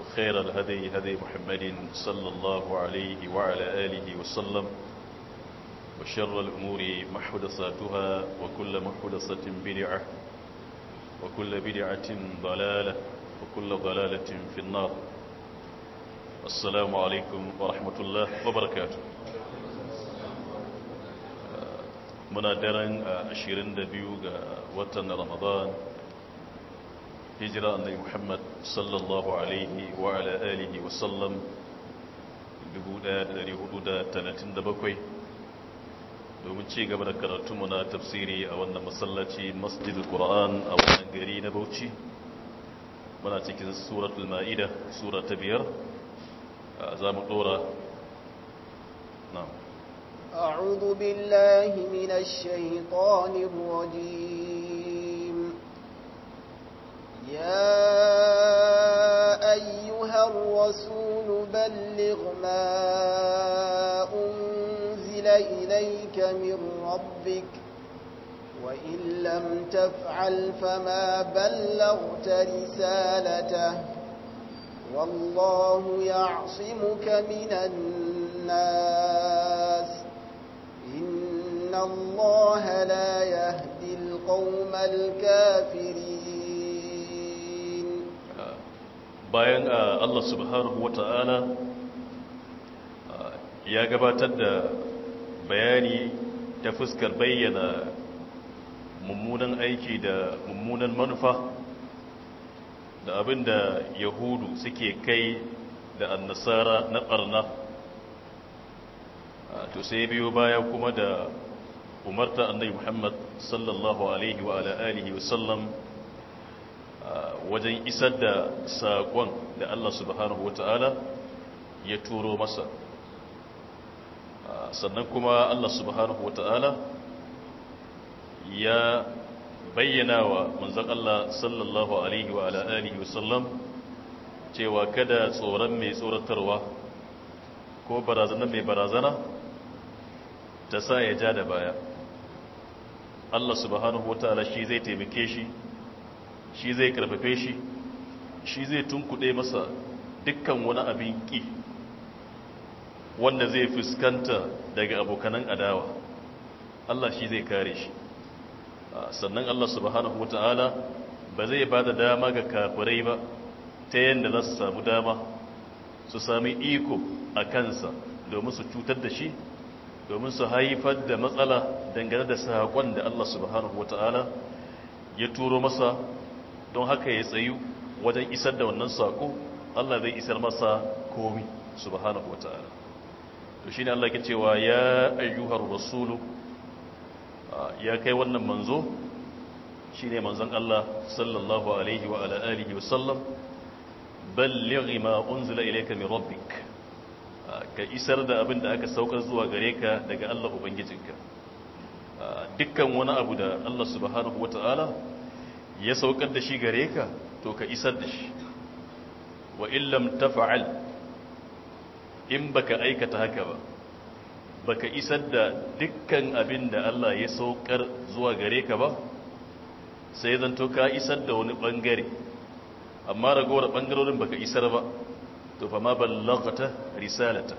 وخير الهدي هدي محمد صلى الله عليه وعلى آله وسلم وشر الأمور محدثاتها وكل محدثة بدعة وكل بدعة ضلالة وكل ضلالة في النار السلام عليكم ورحمة الله وبركاته آه، منادرا أشيرين آه، دبيوغا آه، وطن رمضان hijira annabi muhammad sallallahu alaihi wa ala alihi wa sallam 1437 domin ci gaba da karatunmu na tafsiri a wannan masallaci masjidul qur'an a wannan gari na bauchi muna cikin suratul ma'ida sura ta biyar za mu dora na'am أعوذ بالله من الشيطان الرجيم يا أيها الرسول بلغ ما أنزل إليك من ربك وإن لم تفعل فما بلغت رسالته والله يعصمك من الناس إن الله لا يهدي القوم الكافرين bayan ah, Allah subhanahu wata'ala ah, ya gabatar da bayani ta fuskar bayyana mummunan aiki da mummunan manufa da abin da yahudu suke kai da annasara na ɓarna ah, to sai biyo baya kuma da umarta annabi muhammad sallallahu alaihi wa alihi wasallam wajen isar da saƙon da Allah subhanahu ya turo masa sannan kuma Allah subhanahu ya bayyana wa manzan Allah sallallahu alaihi wa wasallam cewa kada tsoron mai tsoratarwa ko barazana mai barazana ta sa ya ja da baya Allah subhanahu shi zai taimake shi shi zai karfafe shi shi zai tunkuɗe masa dukkan wani abin ƙi wanda zai fuskanta daga abokanan adawa Allah shi zai kare shi ah, sannan Allah subhanahu wata'ala ba zai ba da dama ga kafirai ba ta yadda za su samu dama su sami iko a kansa domin su cutar da shi domin su haifar da matsala dangane da saƙon da Allah subhanahu wata'ala ya turo masa don haka ya tsayu wajen isar da wannan sako Allah zai isar masa komi subhanahu ta'ala. to shine Allah yake cewa ya ayyuhar rasulu ya kai wannan manzo shine manzon Allah sallallahu alaihi wa ala alihi wa sallam balligh ma unzila ilayka min rabbik ka isar da abin da aka saukar zuwa gare ka daga Allah ubangijinka dukkan wani abu da Allah subhanahu ta'ala. ya saukar da shi gare ka to ka isar da shi wa illam tafa'al in baka aikata haka ba baka isar da dukkan abin da Allah ya saukar zuwa gare ka ba sai zanto ka isar da wani bangare amma ragowar bangarorin baka isar ba to fa ma ballagta risalata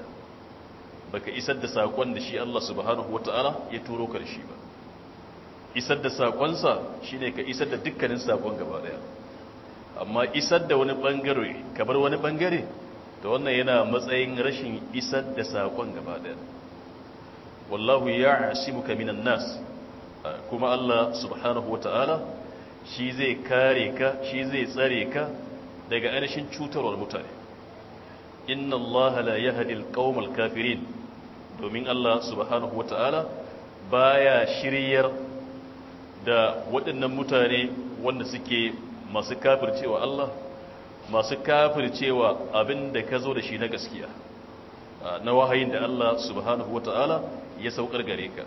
baka isar da sakon da shi Allah subhanahu wata'ala ya turo shi ba isar da sakonsa shine ka isar da dukkanin sakon gaba daya amma isar da wani bangare kamar wani bangare to wannan yana matsayin rashin isar da sakon gaba daya wallahu ya'simuka minan nas ah, kuma Allah subhanahu wata'ala shi zai kare ka shi zai tsare ka daga ainihin cutarwar mutane inna Allah la yahdi al-qawmal kafirin domin Allah subhanahu wata'ala baya shiryar da waɗannan mutane wanda suke masu kafircewa Allah masu kafircewa abin da ka zo da shi na gaskiya na wahayin da Allah subhanahu wata'ala ya saukar gare ka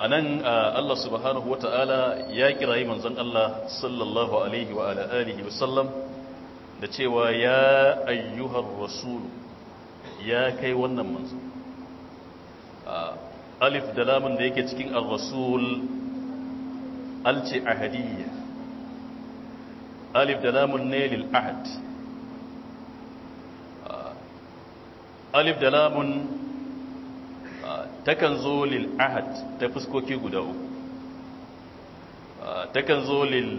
a nan Allah subhanahu wata'ala ya kirayi manzon Allah sallallahu alaihi wa alihi wasallam da cewa ya ayyuhar rasulu ya kai wannan manzan alif da lamun da yake cikin al rasul alci ahadiyya alif da lamun ne lil ahad ah, alif da lamun ah, takan zo lil ahad ta fuskoki guda uku ah, takan zo lil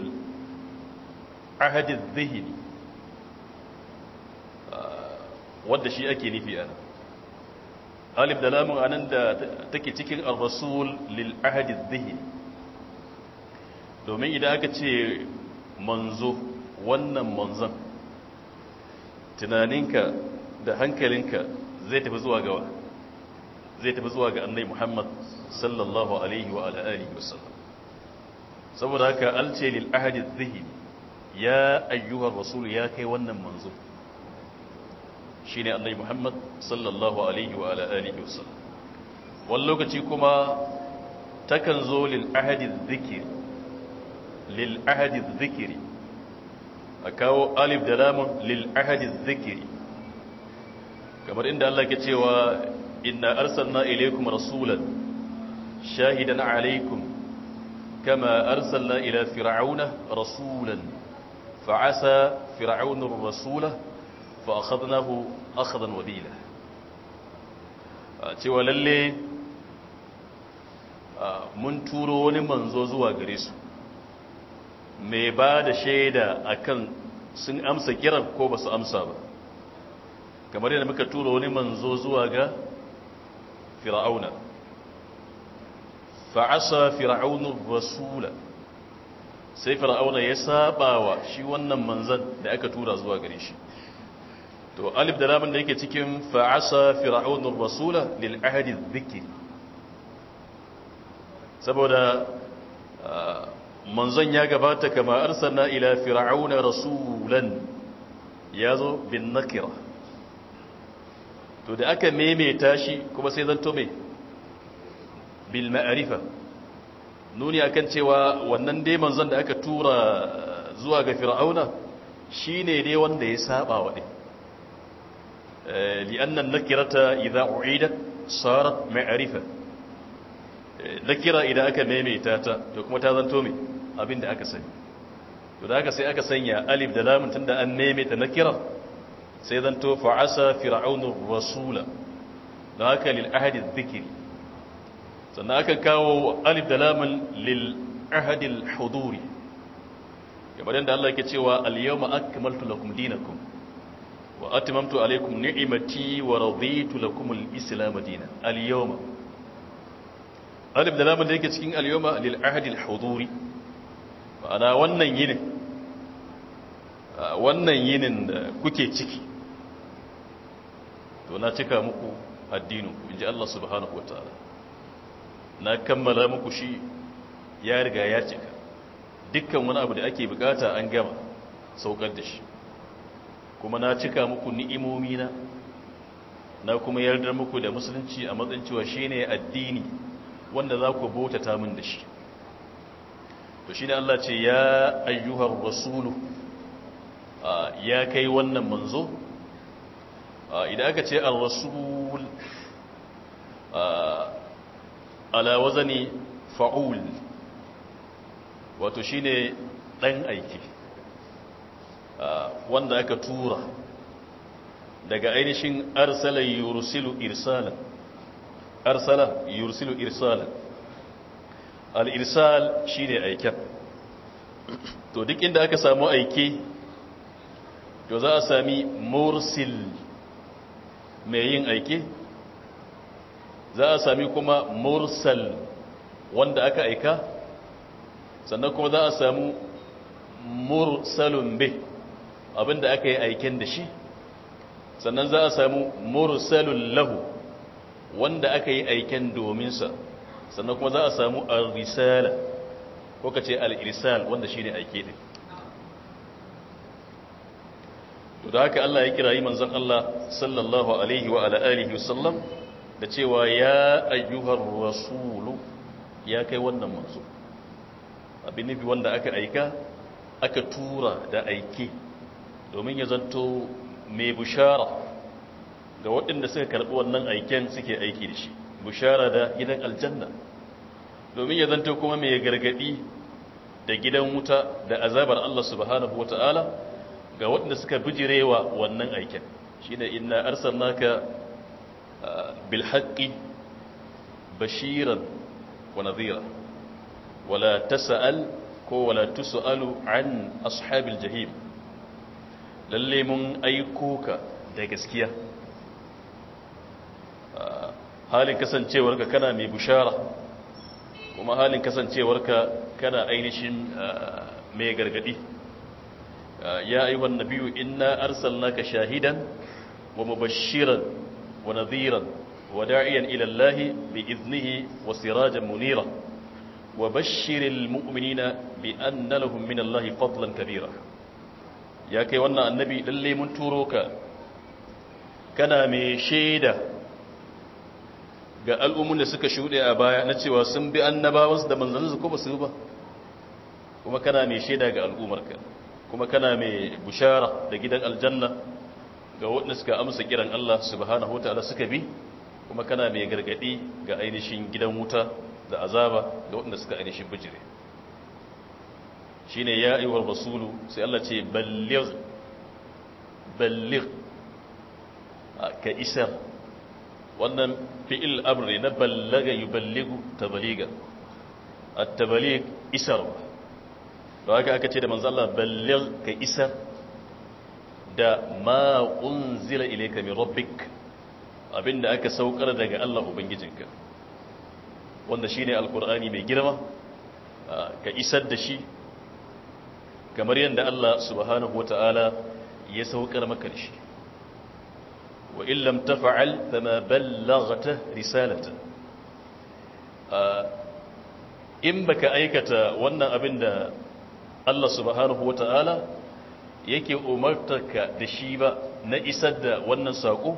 ahadiz dhihni wadda shi ake nufi ana alif da lamun anan da take cikin ar-rasul lil ahadi dhihi domin idan aka ce manzo wannan manzon tunaninka da hankalinka zai tafi zuwa ga zai tafi zuwa ga annabi Muhammad sallallahu alaihi wa alihi wasallam saboda haka alce lil ahadi dhihi ya ayyuhar rasul ya kai wannan manzo shi ne annai muhammad sallallahu alaihi wa ala'alihi wasallam wani lokaci kuma takan zo lil'ahadin zikiri a kawo alif da lamun lil'ahadin zikiri kamar inda Allah ke cewa inna arsalna ilaikum rasulan shahidan alaikum kama arsalna ila fir'auna rasulan fa'asa fir'aunur rasulahu fa akhadnahu akhadan wabila cewa lalle mun turo wani manzo zuwa gare su mai ba da shaida akan sun amsa kiran ko ba su amsa ba kamar yadda muka turo wani manzo zuwa ga fir'auna fa'asa fir'aunu rasula sai fir'auna ya saba wa shi wannan manzan da aka tura zuwa gare shi to alif da lamun da yake cikin fa'asa fir'aun rasula lil ahdi dhikri saboda ah, manzon ya gabata kama arsalna ila fir'auna rasulan yazo bin nakira to da aka maimaita shi kuma sai zanto me bil ma'arifa nuni akan cewa wannan dai manzon da aka tura zuwa ga fir'auna shine dai wanda ya saba wa dai لأن النكرة إذا أعيدت صارت معرفة nakira idan aka maimaita ta to kuma ta zanto me abin aka sani to da aka sai sanya alif da lamun tunda an maimaita nakirar sai zanto fa'asa fir'aunu rasula da haka lil ahadi dhikri sannan aka kawo alif da lamun lil ahadi al huduri kamar yadda Allah cewa al yawma wa atimamtu alaikum ni'imati wa raditu lakum al-islam dinan al-yawma alif da lamun da yake cikin al-yawma lil ahdi al-huduri ana wannan yinin wannan yinin da kuke ciki to na cika muku addinu inji Allah subhanahu ta'ala na kammala muku shi ya riga ya cika dukkan wani abu da ake bukata an gama saukar da shi kuma na cika muku ni'imomi na na kuma yardar muku da musulunci a matsayin cewa shine addini wanda za ku bautata min da shi to shi ne Allah ce ya ayyuhar rasulu ya kai wannan manzo idan aka ce al-rasul ala wazani fa'ul wato shine dan aiki wanda aka tura daga ainihin arsala yursilu irsalan arsala yursilu irsalan al-irsal shine aiken to duk inda aka samu aike to za a sami mursil mai yin aike za a sami kuma mursal wanda aka aika sannan kuma za a samu mursalun bai abinda aka yi aiken da shi sannan za a samu mursalul lahu wanda aka yi aiken dominsa sannan kuma za a samu al-risala ko ka ce al-irsal wanda shi ne aike ne to da haka Allah ya kira kirayi manzon Allah sallallahu alaihi wa ala wasallam da cewa ya ayyuhar rasulu ya kai wannan manzo abin nufi wanda aka aika aka tura da aike domin ya zanto mai bushara ga waɗanda suka karɓi wannan aiken suke aiki da shi bushara da gidan aljanna domin ya zanto kuma mai gargaɗi da gidan wuta da azabar Allah subhanahu wa ta'ala ga waɗanda suka wa wannan aiken shi ne ina naka bilhaƙi bashiran wa nazira wala tasa'al ko wala tusu'alu an ashabil jahim lalle mun aiko ka da gaskiya ah, halin kasancewarka kana mai bushara kuma halin kasancewarka kana ainihin ah, mai gargadi ah, ya ayyuhan nabiyyu inna arsalnaka shahidan wa mubashiran wa nadiran wa da'iyan ila bi iznihi wa sirajan munira wa bashshiril mu'minina bi anna lahum minallahi Allah fadlan kabira ya kai wannan annabi lalle mun turo ka kana mai shaida ga al'ummun da suka shuɗe a baya na cewa sun bi annabawansu da manzanninsu ko ba su ba kuma kana mai shaida ga al'ummarka kuma kana mai bushara da gidan aljanna ga waɗanda suka amsa kiran Allah subhanahu wataala suka bi kuma kana mai gargadi ga ainihin gidan wuta da azaba ga waɗanda suka ainihin bijire shine ya ayyuhar rasulu sai Allah ce balligh ka isar wannan fi'il amri na ballaga yuballighu tabaliga at-tabalig isar da haka aka ce da manzala Allah ka isar da ma unzila ilayka abinda aka saukar daga Allah ubangijinka wanda shine alkur'ani mai girma ka isar da shi kamar yadda Allah subhanahu ta’ala ya saukar maka da shi wa illam tafa'al fama ballaghta risalata in baka aikata wannan abin da Allah subhanahu ta’ala yake umartarka da shi ba na isar da wannan sako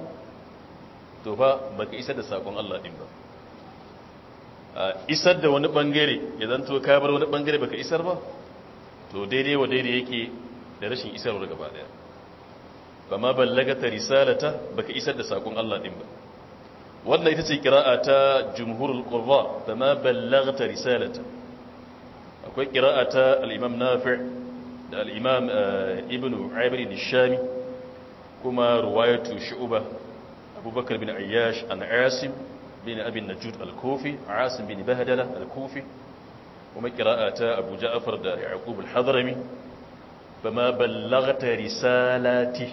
to fa baka isar da sakon Allah din ba isar da wani bangare ya zanto ka bar wani bangare baka isar ba to daidai wa daidai yake da rashin isarwar gaba daya ba ma ballagata risalata baka isar da sakon Allah din ba wannan ita ce kira'a ta jumhurul qurra ba ma ta risalata akwai kira'a ta alimam nafi' da alimam eh, ibn ibnu abri kuma ruwayatu shu'uba abubakar bin ayyash an asim bin abin najud al-kufi asim bin bahdala al-kufi kuma kira ta abu ja'afar da yaqub al-hadrami bama ballaghta risalati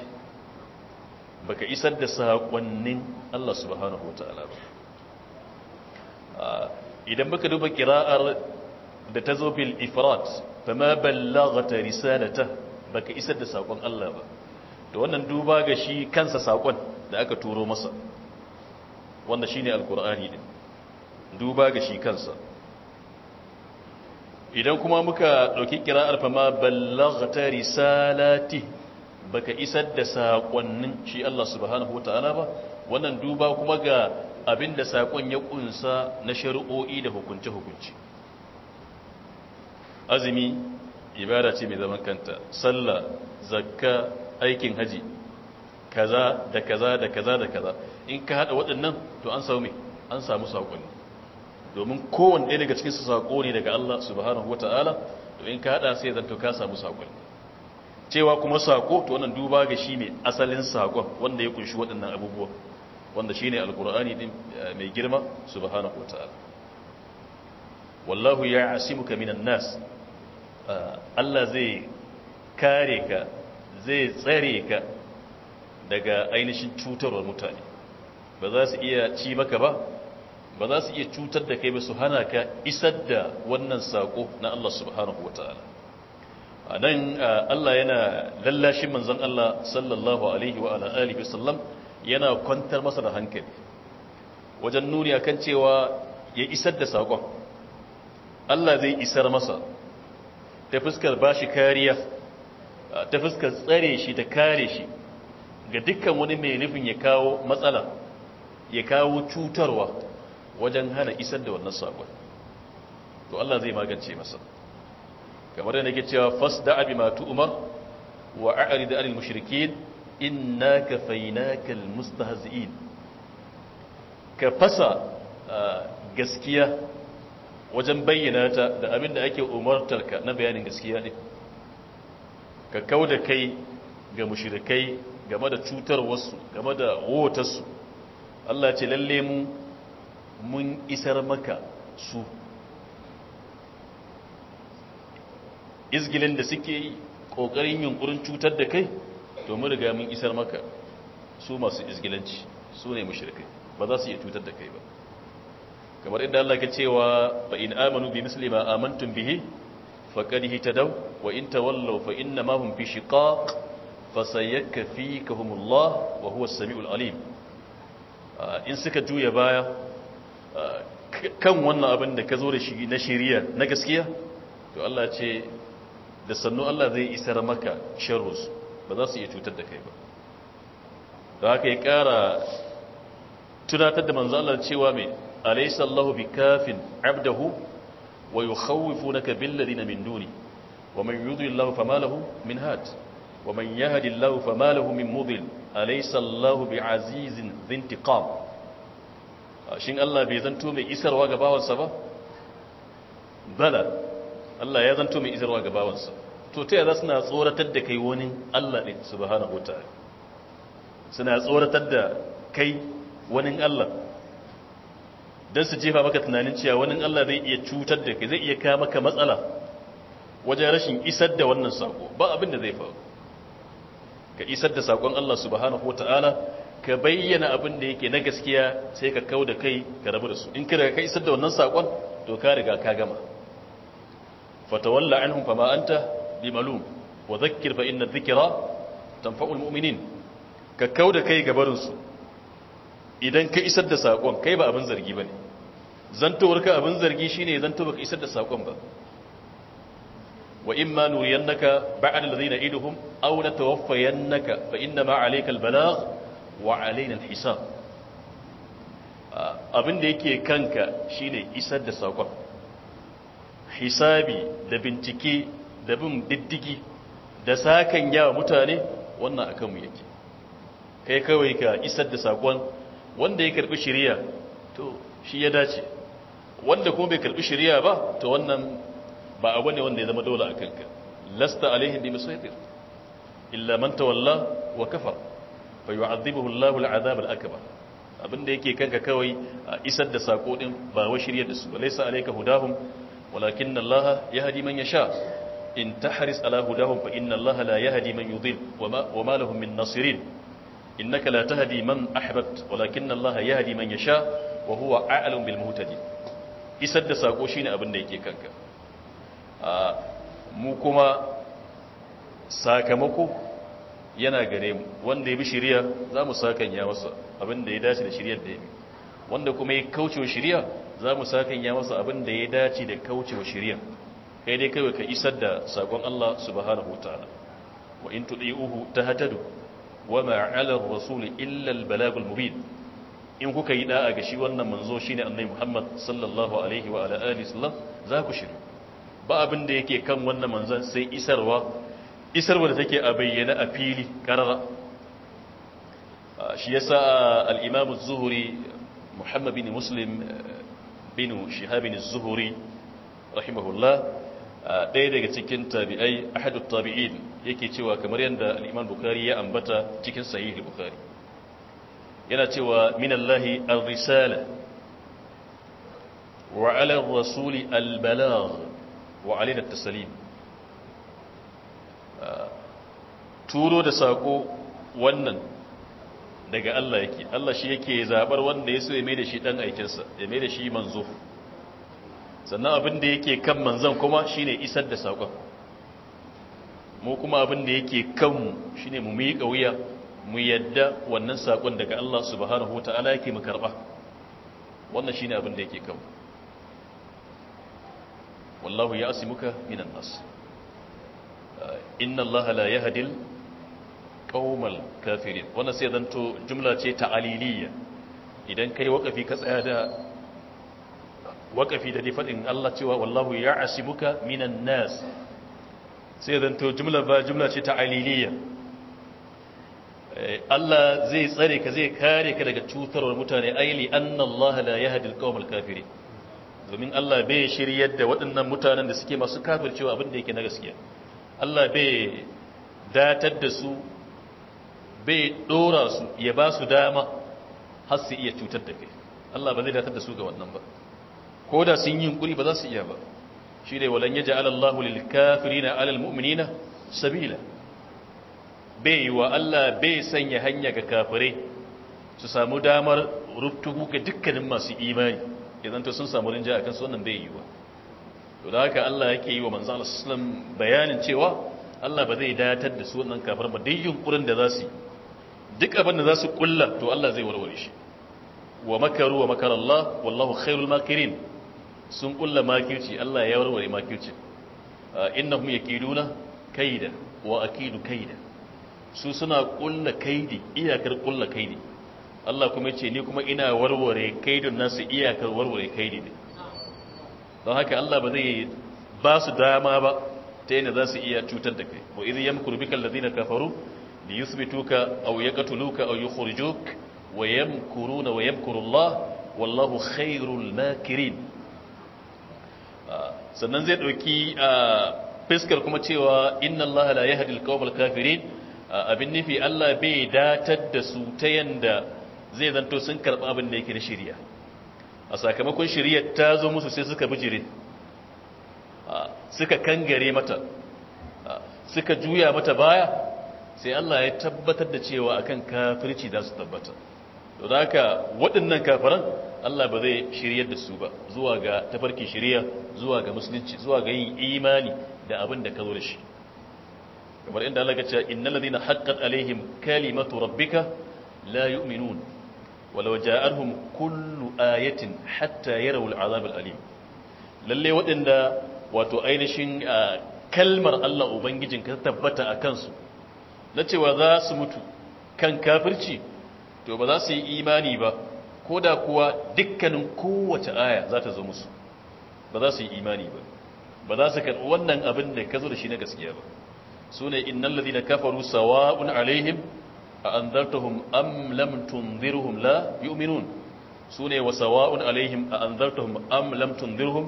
baka isar da sakonnin Allah subhanahu wataala ba idan baka duba kira'ar da ta zo bil ifrat bama ballaghta risalata baka isar da Allah ba to wannan duba ga shi kansa da aka turo masa wanda shine alqur'ani din duba ga shi kansa idan kuma muka ɗauki kira'ar fama ballagta risalati baka isar da saƙonnin shi Allah subhanahu wa ba wannan duba kuma ga abin da saƙon ya ƙunsa na shari'o'i da hukunce-hukunce azumi ibada ce mai zaman kanta sallah zakka aikin haji kaza da kaza da kaza da kaza in ka haɗa waɗannan to an samu an samu saƙonni domin kowanne ɗaya daga cikin su sako ne daga Allah subhanahu wataala domin ka haɗa sai zanto ka samu sakon cewa kuma saƙo to wannan duba ga shi ne asalin saƙon wanda ya kunshi waɗannan abubuwa wanda shi ne alqur'ani din eh, mai girma subhanahu wataala wallahu ya minan nas eh, Allah zai kare ka zai tsare ka daga ainihin cutarwar mutane ba za su iya ci maka ba ba za su iya cutar da kai ba su hana ka isar da wannan saƙo na Allah subhanahu ta’ala a nan Allah yana lallashi manzon Allah sallallahu alaihi wa ala wa wasallam yana kwantar masa da hankali wajen nuni akan cewa ya isar da saƙon, Allah zai isar masa ta fuskar ba shi kariya ta fuskar tsare shi ta kare shi ga dukkan wani mai nufin ya kawo matsala ya kawo cutarwa wajen hana isar da wannan sakon to Allah zai magance masa kamar da nake cewa fasda abi ma Umar wa a'rid 'anil mushrikeen innaka fainaka mustahzi'in ka fasa gaskiya wajen bayyana ta da abin da ake umartarka na bayanin gaskiya ne ka kauda kai ga mushrikai game da cutar wasu game da wotarsu Allah ce lalle mu mun isar maka su izgilin da suke yi ƙoƙarin yunkurin cutar da kai to mu riga mun isar maka su masu izgilanci su ne mushrikai ba za su iya cutar da kai ba kamar inda Allah ke cewa fa in amanu bi misli ma amantum bihi faqad hitadaw wa in tawallaw fa inna ma hum fi shiqaq fa sayakfikahumullah wa huwa as-sami'ul alim ah, in suka juya baya kan wannan abin da ka zo da shi na shari'a na gaskiya to Allah ce da sannu Allah zai isar maka sharrus ba za su iya cutar da kai ba da haka ya kara tunatar da manzo Allah cewa mai alaysa Allahu bikafin abdahu wa yukhawifunaka bil ladina min duni wa man yudhillahu fama lahu min had wa man yahdillahu fama lahu min mudil alaysa Allahu bi'azizin dhintiqam shin Allah bai zanto mai isarwa ga bawansa ba bala Allah ya zanto mai isarwa ga bawansa to ta yaya suna tsoratar da kai wani Allah ne subhanahu ta'ala suna tsoratar da kai wani Allah don su jefa maka tunanin cewa wani Allah zai iya cutar da kai zai iya kawo maka matsala wajen rashin isar da wannan sako ba abin da zai faru ka isar da sakon Allah subhanahu ta'ala ka bayyana abin da yake na gaskiya sai ka kau da kai ka rabu da su in kira ka isar da wannan sakon to ka riga ka gama fatawalla anhum fama anta bimalum wa dhakkir fa inna dhikra tanfa'ul mu'minin ka kau da kai gabarin su idan ka isar da sakon kai ba abin zargi bane zantowarka abin zargi shine zanto baka isar da sakon ba wa in imma nuriyannaka ba'd alladhina iduhum aw natawaffayannaka fa inna ma 'alaykal balagh wa alaina alhisab ah, abin da yake kanka shine isar da sakon hisabi da bincike da bin diddigi da sakan yawa mutane wannan akan mu yake kai kawai ka isar da sakon wanda ya karbi shari'a to shi ya dace wanda kuma bai karbi shari'a ba to wannan ba abu ne wanda ya zama dole akan ka lasta alaihi bi musaytir illa man tawalla wa kafara fa yu'adhibuhu Allahu al'adab al-akbar abinda yake kanka kawai isar da sako din ba wa shiryar da su ba laysa alayka hudahum walakin Allah yahdi man yasha in tahris ala hudahum fa inna Allah la yahdi man yudhil wa ma lahum min nasirin innaka la tahdi man ahbabt walakin Allah yahdi man yasha wa huwa a'lam bil muhtadin isar da sako shine abinda yake kanka mu kuma sakamako yana gare mu wanda ya bi shiriya za mu sakanya masa abin da ya dace da shiriyar da ya bi wanda kuma ya kaucewa shiriya za mu sakanya masa abin da ya dace da kaucewa shiriya kai dai kawai ka isar da sakon Allah subhanahu wataala wa in tudiuhu tahtadu wa ma 'ala ar-rasul illa al-balagul mubin in kuka yi da'a ga shi wannan manzo shine annabi Muhammad sallallahu alaihi wa ala alihi sallam za ku shiru ba abinda da yake kan wannan manzon sai isarwa isarwa da take a bayyana a fili karara shi yasa al-imam muhammad bin muslim eh, bin shihab bin rahimahullah ɗaya daga cikin tabi'ai ahadut tabi'in yake cewa kamar yadda al'iman bukari ya ambata cikin sahih bukari yana cewa minallahi al risala wa ala rasuli al-balagh wa alayna at turo da sako wannan daga Allah yake Allah shi yake zabar wanda ya so ya mai da shi dan aikinsa ya mai da shi manzo sannan abin da yake kan manzon kuma shine isar da sakon mu kuma abin da yake kanmu shine mu miƙa wuya mu yadda wannan sakon daga Allah subhanahu wataala yake mu karba wannan shine abin da yake kanmu wallahu ya minan nas inna allaha la yahdil qaumal kafirin wannan sai to jumla ce ta aliliya idan kai wakafi ka tsaya da wakafi da dai fadin Allah cewa wallahu ya'asibuka minan nas sai to jumla ba jumla ce ta aliliya eh, Allah zai tsare ka zai kare ka daga cutarwar mutane aili anna Allah la yahdil qaumal kafirin domin Allah bai shiryar da waɗannan mutanen da suke masu kafircewa abin da yake na gaskiya Allah bai datar da su bai dora su ya ba su dama har su iya cutar da kai Allah ba zai datar da su ga wannan ba ko da sun yi yunkuri ba za su iya ba shi ne walan ya ja'ala Allahu lil kafirina alal mu'minina sabila bai yi wa Allah bai sanya hanya ga kafirai su samu damar rubtugu ga dukkanin masu imani idan to sun samu rinja akan su wannan bai yi wa to da haka Allah yake yi wa manzo Allah bayanin cewa Allah ba zai dayatar da su wannan kafar ba duk yunkurin da za su duk abin da za su kulla to Allah zai warware shi wa makaru wa makar Allah wallahu khairul makirin sun kulla makirci Allah ya warware makirci innahum yakiduna kaida wa akidu kaida su suna kulla kaidi iyakar kulla kaidi Allah kuma yace ni kuma ina warware kaidun nasu iyakar warware kaidi ne don haka Allah ba zai ba su dama ba ta yana za su iya cutar da kai wa idh yamkuru bika alladhina kafaru li yuthbituka aw yaqtuluka aw wa yamkuruna wa yamkuru Allah wallahu khairul makirin ah, sannan zai ɗauki ah, fiskar kuma cewa inna Allah la yahdi al kafirin ah, abin nufi Allah bai datar da su ta yanda zai zanto sun karɓi abin da yake na shirya a sakamakon shirya ta zo musu sai suka bijire suka kangare mata suka juya mata baya sai Allah ya tabbatar da cewa akan kafirci da su tabbata to da haka waɗannan kafiran Allah ba zai shiryar da su ba zuwa ga tafarkin shiriya zuwa ga musulunci zuwa ga yin imani da abin da ka zo da shi kamar inda Allah ya ce innal ladina haqqat alaihim kalimatu rabbika la yu'minun walau ja'arhum kullu ayatin hatta yarawul azabar alim lalle waɗanda wato ainihin kalmar Allah ubangijin ka tabbata a kansu na cewa za su mutu kan kafirci to ba za su yi imani ba ko da kuwa dukkanin kowace aya za ta zo musu ba za su yi imani ba ba za su karɓi wannan abin da ka zo da shi na gaskiya ba su ne innan lalina kafaru sawa'un alaihim أأنذرتهم أم لم تنذرهم لا يؤمنون سوني وسواء عليهم أأنذرتهم أم لم تنذرهم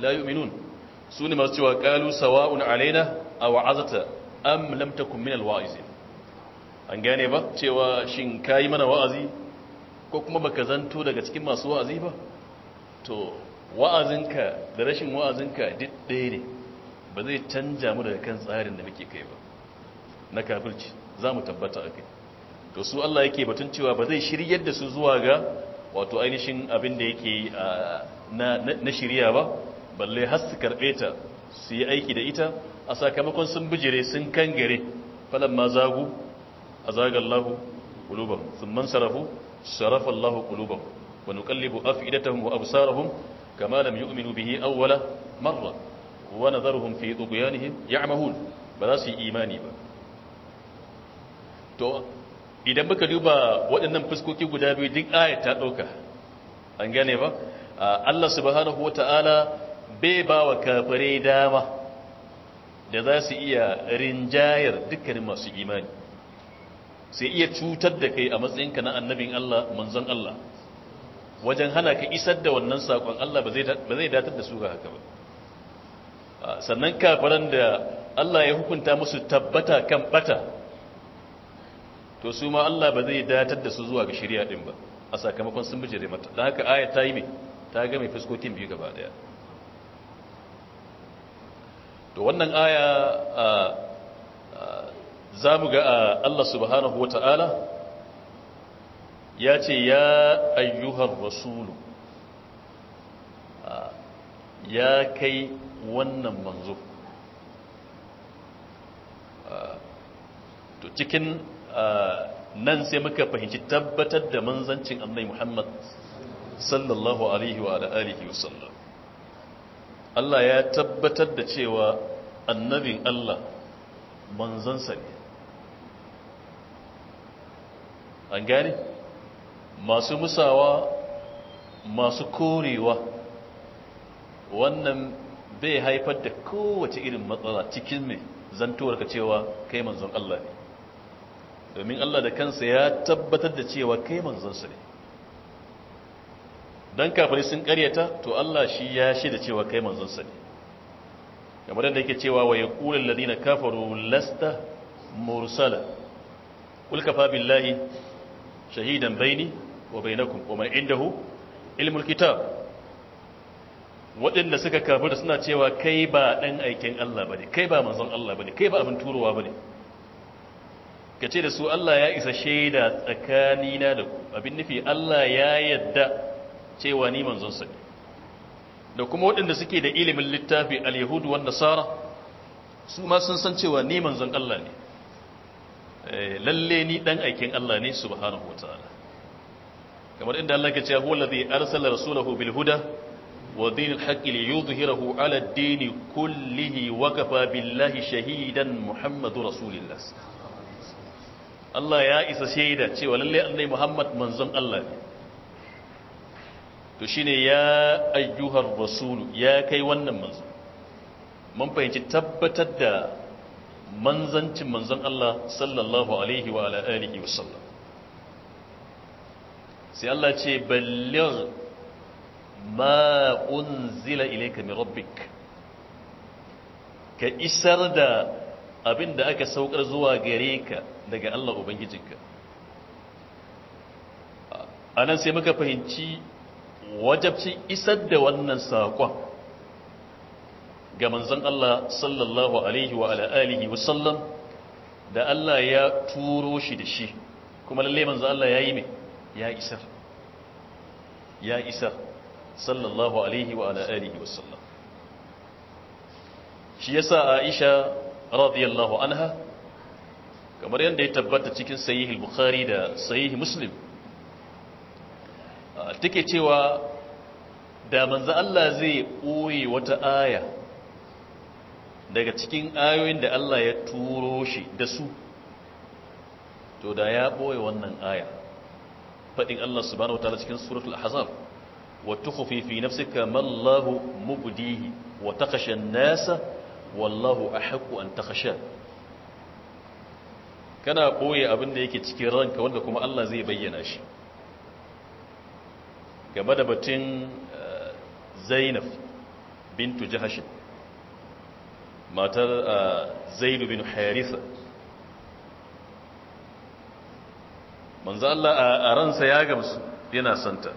لا يؤمنون سوني ما سوى قالوا سواء علينا أو عزت أم لم تكن من الواعزين an gane ba cewa shin yi mana wa'azi ko kuma baka zanto daga cikin masu wa'azi ba to wa'azinka da rashin wa'azinka duk ɗaya ne ba zai canja mu daga kan tsarin da muke kai ba na kafirci za mu tabbata a kai to su Allah yake batun cewa ba zai shiryar da su zuwa ga wato ainihin abin da yake na shirya ba balle har su karɓe ta su yi aiki da ita a sakamakon sun bijire sun kangare falan ma zagu a zagallahu sun man sarafu sarafa Allahu qulubahum wa nuqallibu af'idatahum wa absarahum kama lam yu'minu bihi awwala marra wa nadharuhum fi tughyanihim ya'mahun ba za su yi imani ba to idan muka duba waɗannan fuskoki guda biyu duk ayat ta ɗauka an gane ba Allah subhanahu wata'ala bai ba wa kafirai dama da za su iya rinjayar dukkanin masu imani sai iya cutar da kai a matsayinka na annabin Allah manzon Allah wajen hana ka isar da wannan sakon Allah ba zai datar da su ga haka ba sannan kafiran da Allah ya hukunta musu tabbata kan bata to su ma Allah ba zai datar da su zuwa ga shari'a din ba a sakamakon sun bijire mata don haka ayat ta yi me ta ga mai fuskokin biyu gaba daya to wannan aya za mu ga Allah subhanahu wata'ala ya ce ya ayyuhar rasulu ya kai wannan manzo to cikin nan sai muka fahimci tabbatar da manzancin annai muhammad sallallahu alaihi wa alihi wa sallam Allah ya tabbatar da cewa annabin Allah manzansa ne an gani masu musawa masu korewa wannan bai haifar da kowace irin matsala cikin mai ka cewa kai manzon Allah ne domin Allah da kansa ya tabbatar da cewa kai manzansa ne dan kafirai sun karyata to Allah shi ya shaida cewa kai manzansa ne kamar da yake cewa wa yaqulu ladina kafaru lasta mursala qul kafa billahi shahidan baini wa bainakum wa man indahu ilmul kitab waɗanda suka kafirta suna cewa kai ba ɗan aikin Allah bane kai ba manzon Allah bane kai ba abin turowa bane ka ce da su Allah ya isa shaida tsakanina da ku abin nufi Allah ya yadda cewa ni manzon ne da kuma waɗanda suke da ilimin littafi al-yahudu wan nasara su ma sun san cewa ni manzon Allah ne eh, lalle ni dan aikin Allah ne subhanahu wataala kamar inda Allah ke ce wallazi arsala rasulahu bil huda wa dinil haqqi liyudhhirahu ala ad-din kullihi wa kafa billahi shahidan muhammadu rasulillah Allah ya isa shaida cewa lalle annai Muhammad manzon Allah ne to shine ya ayyuhar rasulu ya kai wannan manzo mun fahimci tabbatar da manzancin manzon Allah sallallahu alaihi wa ala alihi wa sallam sai Allah ce balligh ma unzila ilayka min rabbik ka isar da abin da aka saukar zuwa gare ka daga Allah Ubangijinka a nan sai muka fahimci wajabci isar da wannan saƙon ga manzan Allah sallallahu alaihi wa alihi wasallam da Allah ya turo shi da shi kuma lalle manzon Allah ya yi mai ya isar ya isar sallallahu alaihi wa alihi wasallam shi yasa Aisha radiyallahu anha kamar yadda ya tabbata cikin sahihi bukhari da sahihi muslim ah, take cewa da manzo Allah zai ɓoye wata aya daga cikin ayoyin da Allah ya turo shi da su to da ya ɓoye wannan aya faɗin Allah subhanahu wa ta'ala cikin suratul ahzab wa tukhfi fi nafsika ma Allahu mubdihi wa takhsha an-nasa wallahu haƙu an takhsha kana koye abin da yake cikin ranka wanda kuma Allah zai bayyana shi game da batun eh, Zainab bintu jihashin matar eh, zainu bin Harisa, manzu Allah a ransa ya gamsu yana santa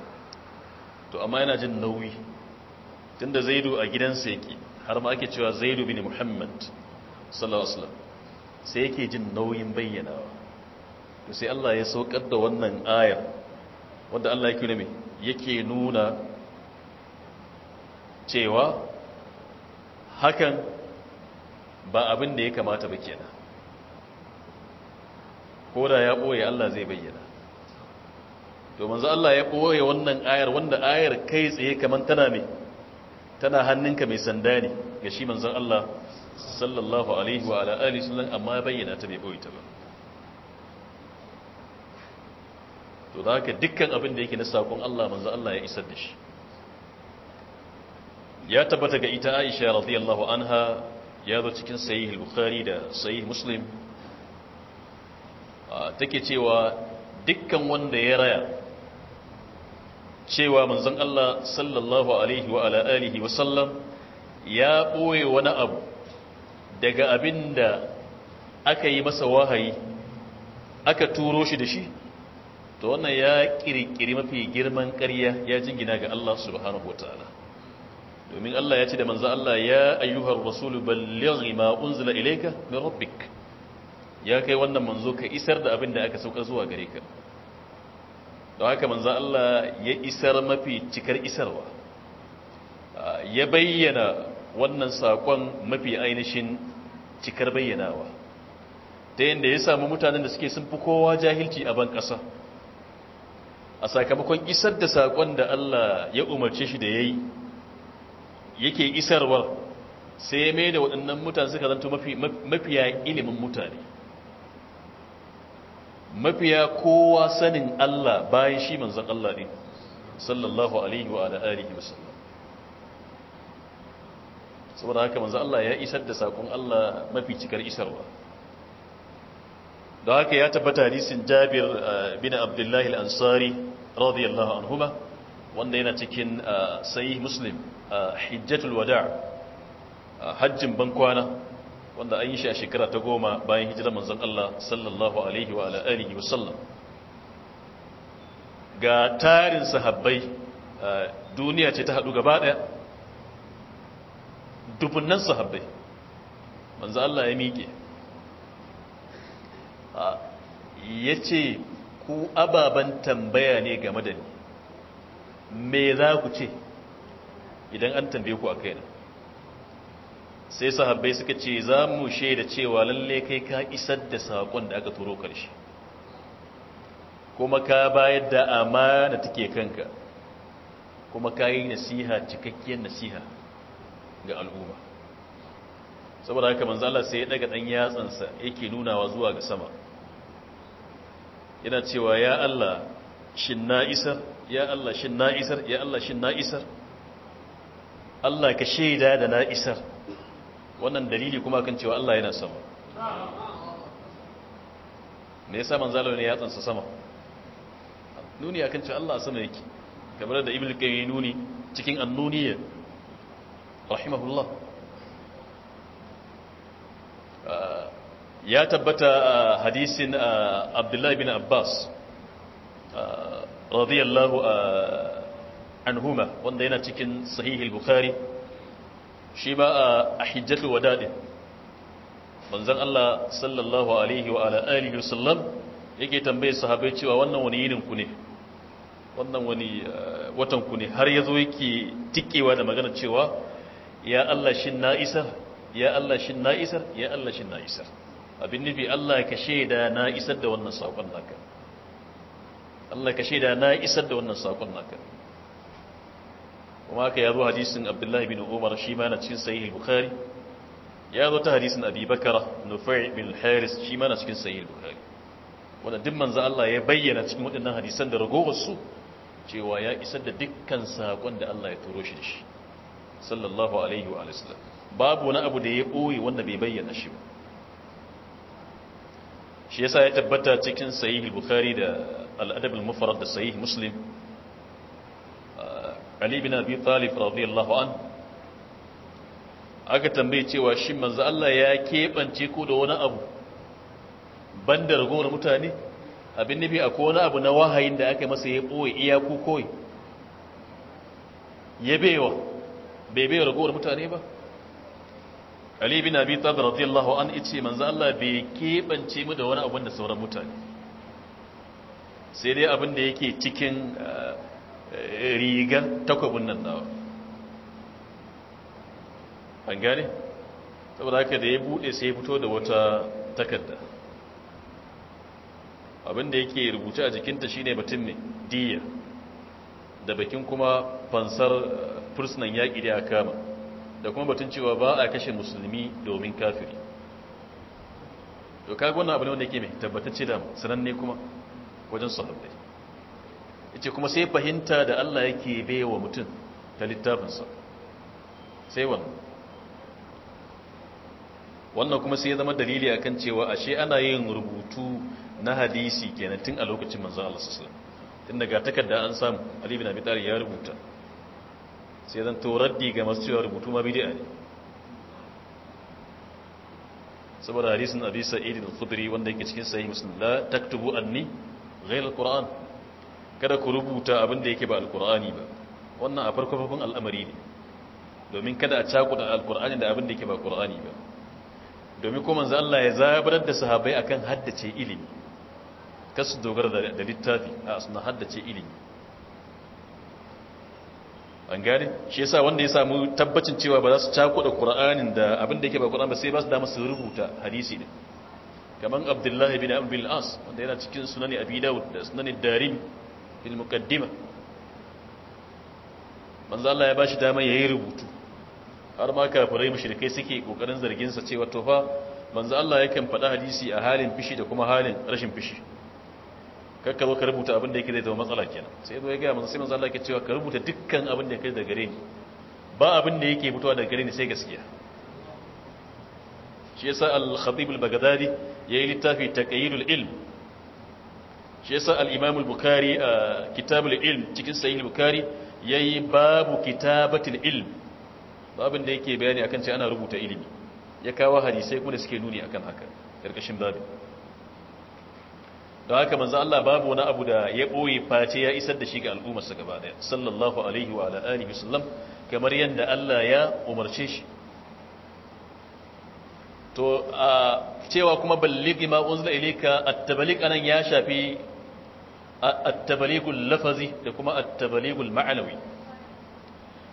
to amma yana jin nauyi tunda Zaidu a gidansa yake har ma ake cewa zaidu bin muhammad sallallahu alaihi wasallam sai yake jin nauyin bayyanawa to sai Allah ya saukar da wannan ayar wanda Allah yake nuna yake nuna cewa hakan ba abin da ya kamata ba kenan ko da ya boye Allah zai bayyana to manzo Allah ya boye wannan ayar wanda ayar kai tsaye kaman tana mai. tana hannunka mai sanda ne ga shi manzan Allah sallallahu alaihi wa ala alihi sallam amma ya bayyana ta bai boye ta ba to da haka dukkan abin da yake na sakon Allah manzan Allah ya isar da shi ya tabbata ga ita Aisha radiyallahu anha ya zo cikin sahih al-Bukhari da sahih Muslim ah, take cewa dukkan wanda ya raya cewa manzon Allah sallallahu alaihi wa ala alihi wa sallam ya boye wani abu daga abinda aka yi masa wahayi aka turo shi da shi to wannan ya kirkiri mafi girman ƙarya ya jingina ga Allah subhanahu wataala domin Allah ya ce da manzon Allah ya ayyuhar rasulu balligh ma unzila ilayka min rabbik ya kai wannan manzo ka isar da abin da aka sauka zuwa gare ka don haka manzan Allah ya isar mafi cikar isarwa ya bayyana wannan saƙon mafi ainihin cikar bayyanawa ta yadda ya samu mutanen da suke sun fi kowa jahilci a ban ƙasa a sakamakon isar da saƙon da Allah ya umarce shi da ya yi yake isarwar sai ya mai da waɗannan mutane suka zanto mafiya ilimin mutane mafiya kowa sanin Allah bayan shi manzan Allah ne sallallahu alaihi wa alihi saboda haka manzan Allah ya isar da sakon Allah mafi cikar isarwa da haka ya tabbata hadisin Jabir uh, bin Abdullahi al-Ansari radiyallahu anhuma wanda yana cikin uh, sahih Muslim uh, hijjatul wada' hajjin bankwana wanda an yi shi a shekara ta goma bayan hijira manzan Allah sallallahu alaihi wa alaihi wa sallam ga tarin sahabbai duniya ce ta hadu gaba ɗaya dubunan sahabbai manzan Allah ya miƙe ya ce ku ababen tambaya ne game da ni me za ku ce idan an tambaye ku a kai kaina sai sahabbai suka ce za mu shaida cewa lalle kai ka isar da saƙon da aka turo karshe kuma ka bayar da amana take kanka kuma ka yi nasiha cikakkiyar nasiha ga al'umma saboda haka manzo Allah sai ya daga dan yatsansa yake nunawa zuwa ga sama yana cewa ya Allah shin na isar ya Allah shin na isar ya Allah shin na isar Allah ka shaida da na isar wannan dalili kuma kan cewa Allah yana sama me yasa manzalo ne ya tsansa sama nuni akan cewa Allah sama yake kamar da ibnu qayyim nuni cikin annuniyya rahimahullah ya tabbata hadisin abdullahi bin abbas radiyallahu anhuma wanda yana cikin sahihul bukhari shi ba a hijjatu wa din banzan Allah sallallahu alaihi wa ala alihi wasallam yake tambaye sahabbai cewa wannan wani yinin ku ne wannan wani eh, watan ku ne har ya zo yake tikewa da magana cewa ya Allah shi na isar ya Allah shi na isar ya Allah shi na isar abin nufi Allah ka shaida na isar da wannan sakon naka Allah ka shaida na isar da wannan sakon naka kuma haka ya hadisin abdullahi bin umar shi ma na cikin sahih bukhari ya zo ta hadisin abi bakara nufai bin haris shi ma na cikin sahih bukhari wanda duk manzo Allah ya bayyana cikin waɗannan hadisan da ragowar su cewa ya isa da dukkan sakon da Allah ya turo shi da shi sallallahu alaihi wa sallam babu wani abu da ya boye wanda bai bayyana shi ba shi yasa ya tabbata cikin sahih bukhari da al-adab al-mufrad da sahih muslim ali bin abi talib radiyallahu an aka tambaye cewa shi manzo Allah ya keɓance ku da wani abu banda ragowar mutane abin nabi akwai wani abu na wahayin da aka masa ya ɓoye iyaku koyi ya bewa bai bewa ragowar mutane ba ali bin abi talib radiyallahu an yace manzo Allah bai keɓance mu da wani abu da sauran mutane sai dai abin da yake cikin rigar takwabin nan nawa an gane saboda haka da ya bude sai ya fito da wata takarda abinda yake rubuce a jikinta shine batun ne diya da bakin kuma fansar eh, fursunan yaƙi da kama da kuma batun cewa ba a kashe musulmi domin kafiri to kaga wannan abu ne wanda yake mai tabbatacce da sananne kuma wajen sahabbai yace kuma sai fahimta da Allah yake baiwa mutum ta littafinsa sai wannan wannan kuma sai ya zama dalili akan cewa ashe ana yin rubutu na hadisi kenan tun a lokacin manzon Allah sallallahu alaihi wasallam tun daga takarda an samu Ali bin Abi Talib ya rubuta sai zan to ga masu cewa rubutu ma bid'a ne saboda hadisin Abi Sa'id al-Khudri wanda yake cikin sahih Muslim la taktubu anni ghayr al-Qur'an kada ku rubuta abin da yake ba alkur'ani ba wannan a farko al'amari ne domin kada a cakuta alkur'ani da abin da yake ba alkur'ani ba domin kuma manzo Allah ya zabar da sahabbai akan haddace ilimi kasu dogara da littafi a suna haddace ilimi an gane shi yasa wanda ya samu tabbacin cewa ba za su cakuta qur'anin da abin da yake ba qur'ani ba sai ba su da masu rubuta hadisi ne kaman abdullahi bin abdul as wanda yana cikin sunani abi daud da sunani darimi fil muqaddima manzo Allah ya bashi dama yi rubutu har ma kafirai mushrikai suke kokarin zarginsa sa cewa to fa manzo Allah kan faɗi hadisi a halin fishi da kuma halin rashin fishi kakka zo ka rubuta abin da ke zai zama matsala kenan sai zo ya ga manzo sai manzo Allah yake cewa ka rubuta dukkan abin da yake da gare ni ba abin da ke fitowa da gare ni sai gaskiya shi yasa al-khatib al-baghdadi yayi littafi taqyidul ilm shi yasa al-imam al-bukhari a kitabul ilm cikin sahih al-bukhari yayi babu kitabatil ilm babin da yake bayani akan cewa ana rubuta ilimi ya kawo hadisai kuma da suke nuni akan haka karkashin babin da haka manzo Allah babu wani abu da ya boye face ya isar da shi ga sa gaba daya sallallahu alaihi wa alihi wasallam kamar yanda Allah ya umarce shi to a cewa kuma balligi ma unzila ilayka at-tabliq anan ya shafi at-tabaligul lafazi da kuma at-tabaligul ma'anawi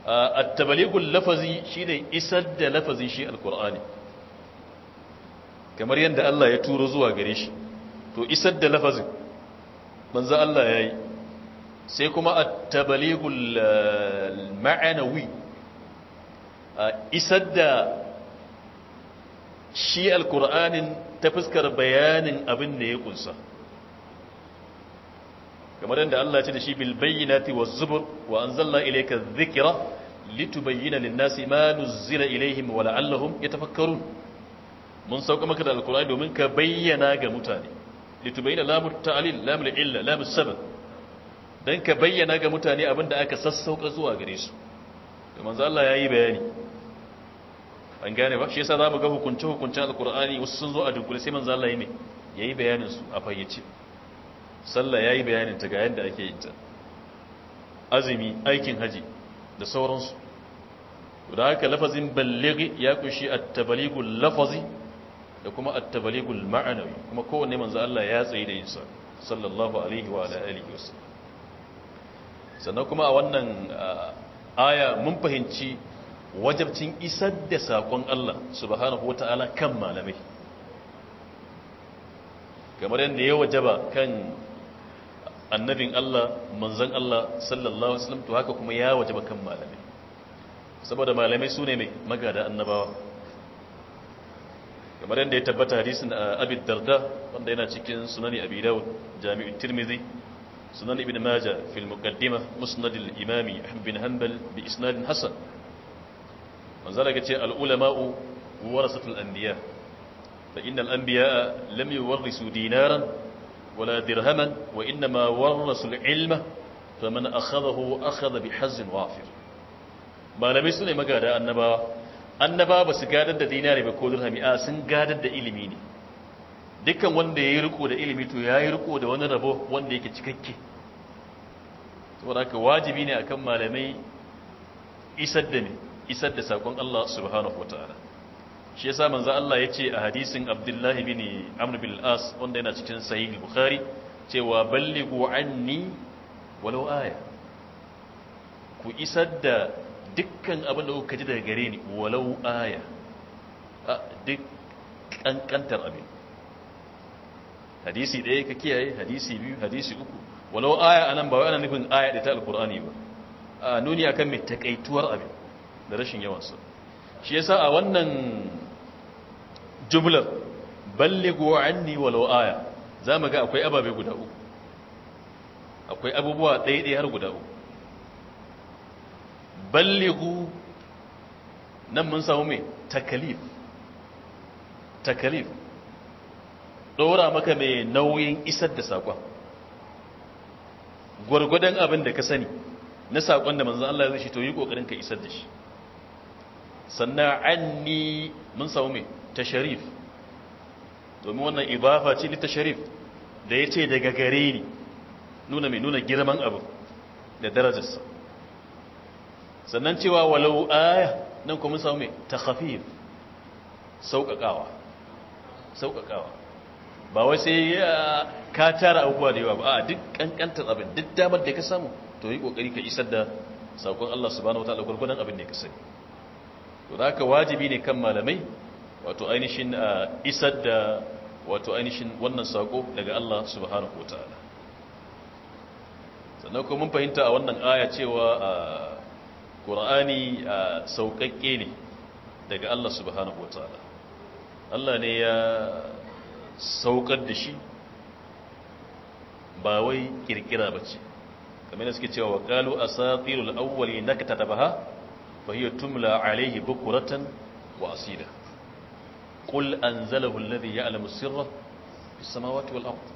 at-tabaligul lafazi shine isar da lafazi shi alqur'ani kamar yadda Allah ya turo zuwa gare shi to isar da lafazin manzo Allah yayi sai kuma at-tabaligul ma'anawi isar da shi alqur'anin ta fuskar bayanin abin da ya kunsa kamar da Allah ce da shi bil bayyinati waz zubur wa anzalna ilayka dhikra litubayyana lin-nasi ma nuzila ilayhim wa la'allahum yatafakkarun mun sauka maka da alqur'ani domin ka bayyana ga mutane litubayyana lamut ta'lil lamul illa lamus sabab dan ka bayyana ga mutane abinda aka sassauka zuwa gare su to manzo Allah yayi bayani an gane ba shi yasa zamu ga hukunce hukuncin alqur'ani wasu sun zo a dunkule sai manzo Allah yayi ne yayi bayanin su a fayyace sallah ya yi bayaninta ga yadda ake yin ta azumi aikin haji da sauransu da haka lafazin balligi ya kushi a tabalighul lafazi da kuma a tabalighul ma'anawi kuma kowanne manzo Allah ya tsaye da yinsa sallallahu alaihi wa alihi sannan kuma a wannan aya mun fahimci wajabcin isar da sakon Allah subhanahu wataala kan malamai kamar yadda ya wajaba kan annabin Allah manzan Allah sallallahu alaihi wasallam to haka kuma ya wajaba kan malamai saboda malamai sune mai magada annabawa kamar yadda ya tabbata hadisin uh, Abi Darda wanda yana cikin Sunan Abi Dawud Jami'u Tirmidhi Sunan Ibn Majah fil Muqaddimah Musnad al-Imam Ahmad bin Hanbal bi isnad hasan manzala kace al-ulama'u warasatul anbiya fa innal anbiya lam yuwarrisu dinaran ولا درهما وإنما ورث العلم فمن أخذه أخذ بحز وافر ما لم يسنى ما قادة أنبا أنبا بس قادة ديناري بكو درهمي آسن قادة ne dukkan wanda ya yi riko da ilimi to ya yi riko da wani rabo wanda yake cikakke saboda haka wajibi ne akan malamai isar da ne isar da sakon Allah subhanahu wataala shi yasa manzo Allah yace a hadisin Abdullah ibn Amr bin al-As wanda yana cikin sahih Bukhari cewa ballighu anni walau aya ku isar da dukkan abin da kuka ji daga gare ni walau aya duk kankantar abin hadisi ɗaya ka kiyaye hadisi biyu hadisi uku walau aya anan ba wai nufin aya da ta alkur'ani ba a nuni akan mai takaituwar abin da rashin yawansa shi yasa a wannan jumlar ballighu anni walau aya mu ga akwai ababe guda uku akwai abubuwa ɗaya ɗaya har guda uku ballighu nan mun samu mai takalif takalif ɗora maka mai nauyin isar da saƙon gwargwadon abin da ka sani na saƙon da manzan Allah ya zai shi to yi ƙoƙarin ka isar da shi sannan an ni mun samu mai tasharif domin wannan ibafa ce ta sharif da ya ce daga gare ni nuna mai nuna girman abu da darajarsa sannan cewa walau aya nan kuma samu mai ta hafif sauƙaƙawa sauƙaƙawa ba wai sai ka tara abubuwa da yawa ba a duk ƙanƙantar abin duk damar da ka samu to yi ƙoƙari ka isar da sakon Allah subhanahu wa ta'ala gurgunan abin da ka sani to da haka wajibi ne kan malamai wato ainihin ah, isar da wato ainihin wannan sako daga Allah subhanahu wataala sannan kuma mun fahimta a wannan aya cewa a ah, ah, sauƙaƙƙe ne daga Allah subhanahu wataala Allah ne ya sauƙar da shi ba wai kirkira bace kamar da suke cewa qalu asatirul awwalin nakatatabaha fa hiya tumla alayhi bukratan wa asida. qul anzalahu alladhi ya'lamu sirra fis samawati wal ard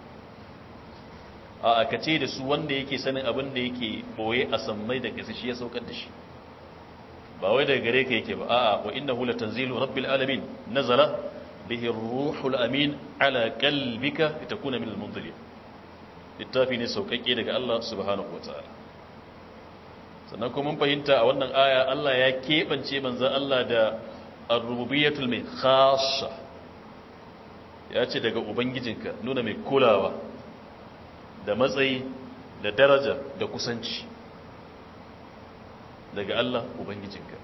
a kace da su wanda yake sanin abin da yake boye a sammai da kasa shi ya saukar da shi ba wai daga gare ka yake ba a'a wa innahu latanzilu rabbil alamin nazala bihi ar-ruhul amin ala qalbika litakuna minal munzirin littafi ne saukakke daga Allah subhanahu wataala sannan kuma mun fahimta a wannan aya Allah ya kebance manzon Allah da ar-rububiyyatul mai khassa ya ce daga ubangijinka nuna mai kulawa da matsayi da daraja da kusanci daga Allah ubangijinka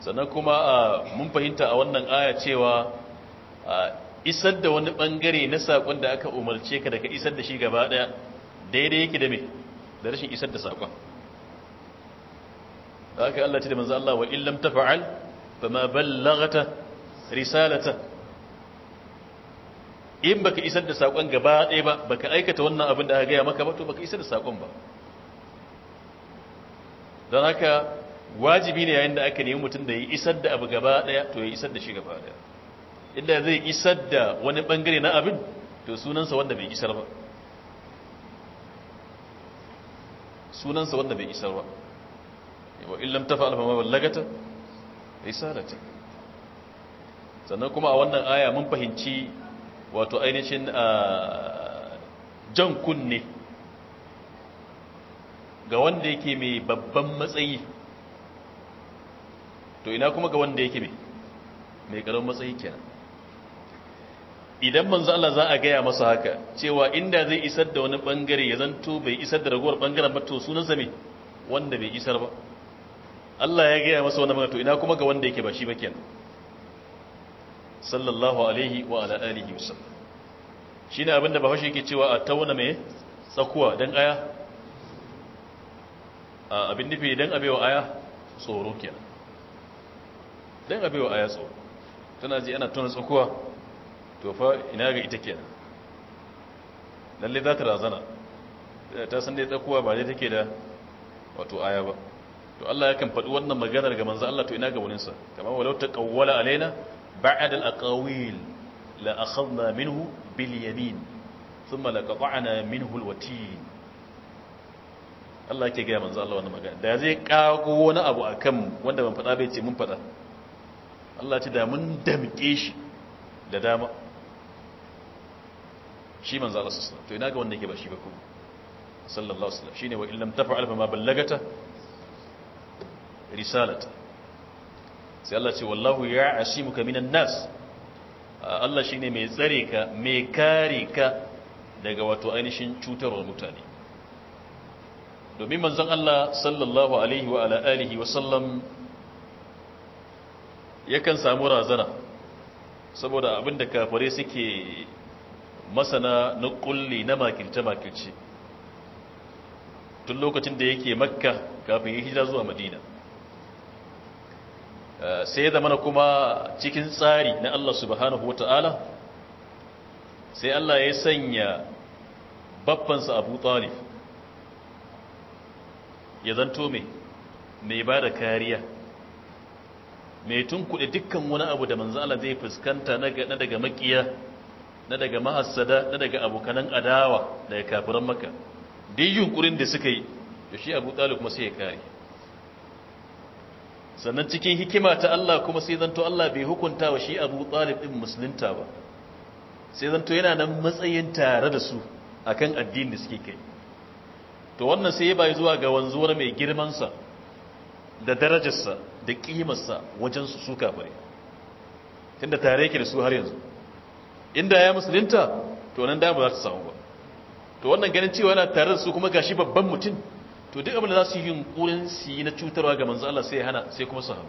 sannan kuma mun fahimta a wannan aya cewa isar da wani bangare na sakon da aka umarce ka daga isar da shi gaba daya daidai yake da me da rashin isar da saƙon. haka Allah ce da manzo Allah wa illam tafa'al fama ballaghata risalata in baka isar da sakon gaba ɗaya ba baka aikata wannan abin da aka gaya maka ba to baka isar da sakon ba don haka wajibi ne yayin da aka nemi mutum da ya isar da abu gaba ɗaya to ya isar da shi gaba ɗaya inda zai isar da wani bangare na abin to sunansa wanda bai isar ba sunansa wanda bai isar ba wa illam tafa'al fa ma ballagata risalati sannan kuma a wannan aya mun fahimci wato ainihin jan kunne ga wanda yake mai babban matsayi to ina kuma ga wanda yake mai mai karon matsayi kenan idan manzo Allah za a gaya masa haka cewa inda zai isar da wani bangare ya zanto bai isar da ragowar bangaren ba to sunansa me wanda bai isar ba Allah ya gaya masa wani magana to ina kuma ga wanda yake ba shi ba kenan sallallahu alaihi wa ala alihi wasallam shine abinda bahaushe yake cewa a tauna me tsakuwa dan aya abin nufi dan abewa aya tsoro kenan dan abewa aya tsoro tana ji ana tauna tsakuwa to fa ina ga ita kenan lalle za ta razana ta san dai tsakuwa ba dai take da wato aya ba to Allah yakan faɗi wannan magana daga manzo Allah to ina ga wurinsa kamar walau taqawwala alaina ba'd al-aqawil la akhadna minhu bil yamin thumma laqata'na minhu al-watin Allah yake ga manzo Allah wannan magana da zai kago wani abu akan wanda ban faɗa bai ce mun faɗa Allah ce da mun damke shi da dama shi manzo Allah sallallahu alaihi wasallam to ina ga wanda yake ba shi ba ku? sallallahu alaihi wasallam shine wa illam tafa'al fa ma ballagata risalat sai Allah ce wallahu ya ashimuka minan nas ah, Allah shine mai tsare ka mai kare ka daga wato ainihin cutarwar mutane domin manzon Allah sallallahu alaihi wa alihi wa sallam yakan samu razana saboda abinda kafare suke masana na kulli na makirce-makirce tun lokacin da yake makka kafin ya hijira zuwa madina Eh, sai da mana kuma cikin tsari na Allah subhanahu ta’ala sai Allah ya sanya babbansa Abu Talib ya zanto mai mai ba da kariya mai tun kuɗi dukkan wani abu da manzo Allah zai fuskanta na daga makiya na daga mahassada na daga abokanan adawa daga kafiran maka duk yunkurin da suka yi to shi Abu Talib kuma sai ya kare sannan cikin hikima ta Allah kuma sai zanto Allah bai hukunta wa shi Abu Talib din musulunta ba sai zanto yana nan matsayin tare da su akan addini da suke kai to wannan sai bai zuwa ga wanzuwar mai girman sa da darajarsa da ƙimarsa wajen su su kafare tunda tare yake da su har yanzu inda ya musulunta to nan da ba za ta samu ba to wannan ganin cewa yana tare da su kuma gashi babban mutum to duk abin da za su yi yunkurin su yi na cutarwa ga manzo Allah sai hana sai kuma su hau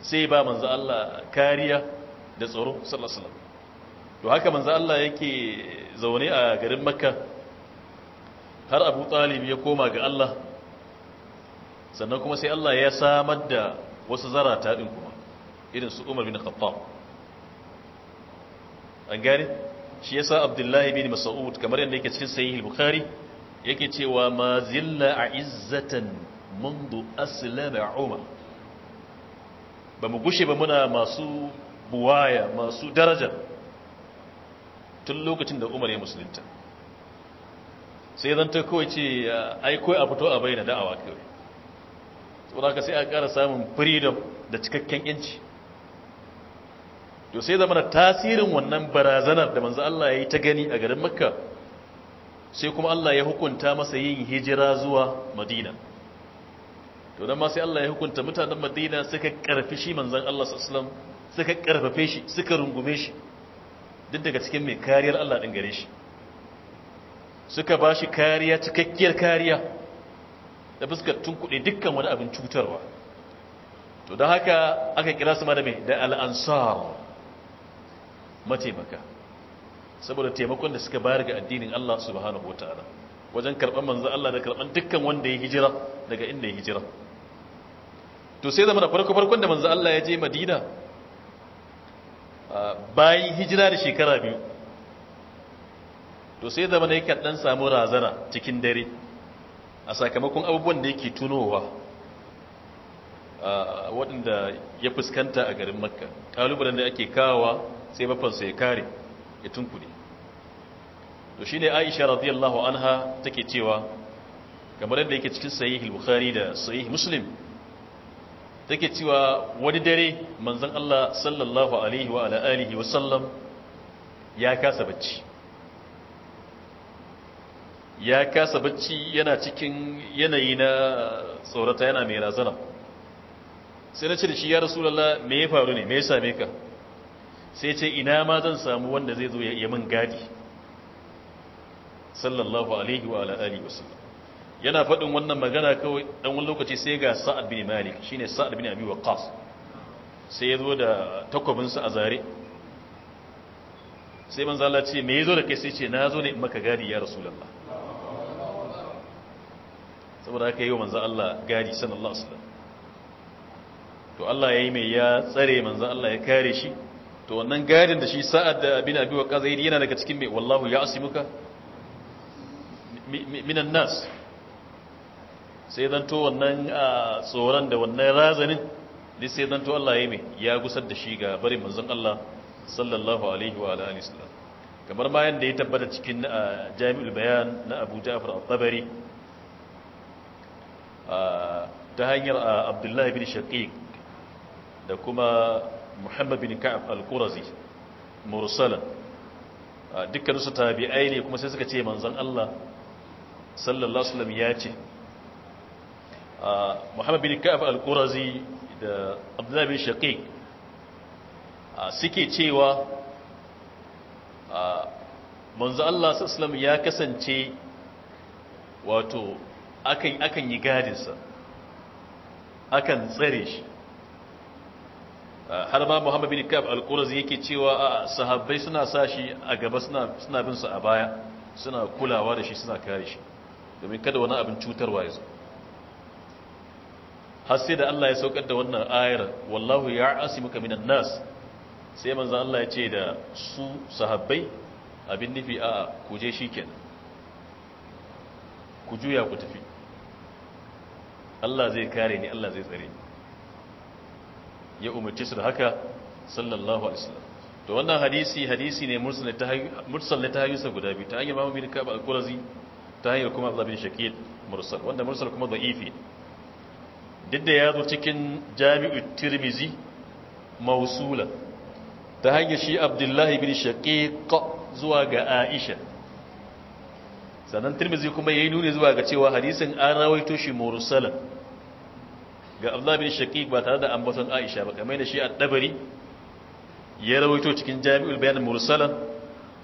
sai ba manzo Allah kariya da tsaro sallallahu alaihi to haka manzo Allah yake zaune a garin Makka har Abu Talib ya koma ga Allah sannan kuma sai Allah ya samar da wasu zarata din kuma irin su Umar bin Khattab an gane shi yasa Abdullahi bin Mas'ud kamar yadda yake cikin sahih al-Bukhari yake cewa ma zilla a izzatan mundu aslama umar ba mu gushe ba muna masu buwaya masu daraja tun lokacin da umar ya musulunta sai zan ta kawai ce aiko a fito a bayyana da'awa kawai tsoron ka sai a kara samun freedom da cikakken yanci to sai zama tasirin wannan barazanar da manzo Allah ya yi ta gani a garin makka sai kuma Allah ya hukunta masa yin hijira zuwa madina to dan ma sai Allah ya hukunta mutanen madina suka karfi shi manzon Allah sallallahu suka karfafe shi suka rungume shi duk daga cikin mai kariyar Allah din gare shi suka ba shi kariya cikakkiyar kariya da fuskar kuɗi dukkan wani abin cutarwa to don haka aka kira su ma da mai da al'ansar mataimaka saboda taimakon da suka bayar ga addinin Allah subhanahu ta'ala wajen karɓan manzan Allah da karɓar dukkan wanda ya hijira daga inda ya hijira to sai zama da farko farkon da manzan Allah ya je Madina ah, bayan hijira da shekara biyu to sai zama da yake dan samu razana cikin dare a sakamakon abubuwan da yake tunowa ah, waɗanda ya fuskanta a garin makka ƙalubalen da ake kawowa sai mafansa ya kare ya tunkuɗe to shi ne Aisha radiyallahu anha take cewa kamar yadda yake cikin sahihul Bukhari da sahih Muslim take cewa wani dare manzon Allah sallallahu alaihi wa ala alihi wa sallam ya kasa bacci ya kasa bacci yana cikin yanayi na tsorata yana mai razana sai na ce da shi ya rasulullah me ya faru ne me ya same ka sai ce ina ma zan samu wanda zai zo ya min gadi sallallahu alaihi wa ala alihi wasallam yana faɗin wannan magana kawai ɗan wani lokaci sai ga sa'ad bin malik shine sa'ad bin abi waqqas sai ya zo da takwabinsa a zare sai manzo Allah ce me zo da kai sai ce na zo ne in maka gadi ya rasu rasulullah saboda haka yau manza Allah gadi sallallahu alaihi wasallam to Allah ya yi mai ya tsare manza Allah ya kare shi to wannan gadin da shi sa'ad da bin abi waqqas yana daga cikin mai wallahu ya asimuka minan nas sai zanto wannan tsoron da wannan razanin da sai zanto Allah ya mai ya gusar da shi ga bari manzon Allah sallallahu alaihi wa alihi wasallam kamar ma yanda ya tabbata cikin Jami'ul Bayan na Abu Ja'far al-Tabari ta hanyar Abdullah bin Shaqiq da kuma Muhammad bin Ka'ab al-Qurazi mursalan dukkan su tabi'ai ne kuma sai suka ce manzon Allah sallallahu alaihi ya ce ah, Muhammad bin Ka'ab al-Qurazi da Abdullah bin Shaqiq ah, suke cewa ah, manzo Allah sallallahu alaihi wasallam ya kasance wato akan akan yi gadinsa akan tsare shi har ma Muhammad bin Ka'ab al-Qurazi yake cewa sahabbai suna sashi a gaba suna suna bin su a baya suna kulawa da shi suna kare shi domin kada wani abin cutarwa ya zo har sai da Allah ya saukar da wannan ayar wallahu ya muka minan nas sai manzo Allah ya ce da su sahabbai abin nufi a ku je shikenan ku juya ku tafi Allah zai kare ni Allah zai tsare ni ya umarci su da haka sallallahu alaihi wasallam to wannan hadisi hadisi ne mursal ta mursal guda biyu ta hanyar Imam Ibn Ka'ab al-Qurazi Ta hanyar kuma abdullah bin shakil mursal wanda mursal kuma da'ifi duk da ya zo cikin jami'u tirmizi mausula ta hanyar shi abdullahi bin ko zuwa ga aisha sannan tirmizi kuma ya yi nuni zuwa ga cewa hadisun an rawaito shi mursala ga abdullahi bin shaqiq ba tare da ambaton aisha ba kamar da shi a ɗabari ya rawaito cikin jami'ul bayan mursalan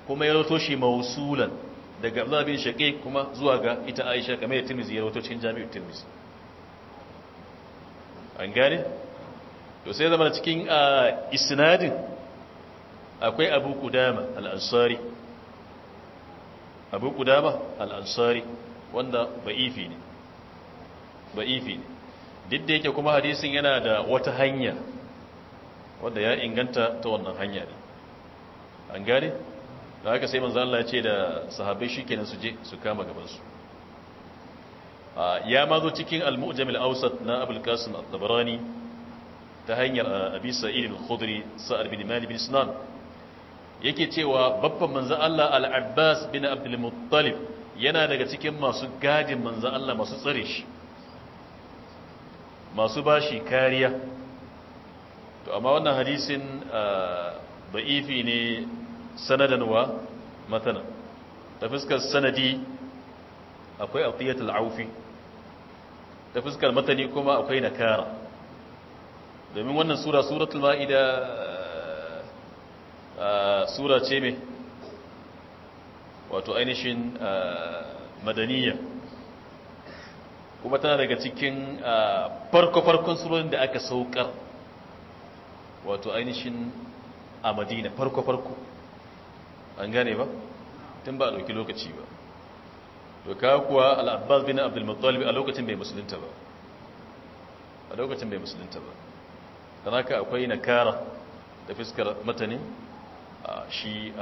kuma ya rawaito shi mausulan daga Abdullah bin Shaqiq kuma zuwa ga ita Aisha kamar yadda Tirmidhi ya rawaito cikin Jami'u Tirmidhi an gane to sai zama cikin ah, isnadin akwai Abu Qudama al-Ansari Abu Qudama al-Ansari wanda ba'ifi ne ba'ifi ne duk da yake kuma hadisin yana da wata hanya wanda ya inganta ta wannan hanya ne an gane da haka sai manzo Allah ya ce da sahabbai shikenan su je su kama gabansu ya mazo cikin al-mu'jam al-awsat na Abul Qasim at-Tabarani ta hanyar Abi Sa'id al-Khudri Sa'ad bin Malik bin Sinan yake cewa babban manzan Allah al-Abbas bin Abdul Muttalib yana daga cikin masu gadin manzo Allah masu tsare shi masu bashi kariya to amma wannan hadisin da'ifi ne sanadan wa matana ta fuskar sanadi akwai atiyatul aufi ta fuskar matani kuma akwai nakara domin wannan sura suratul ma'ida eh, eh, sura ce mai wato ainihin eh, madaniya kuma tana daga cikin farko-farkon surorin da aka saukar wato ainihin a madina farko-farko an gane ba tun ba a ɗauki lokaci ba to ka kuwa al'abbas bin abdul a lokacin bai musulunta ba a lokacin bai musulunta ba don haka akwai kara da fiskar matanin shi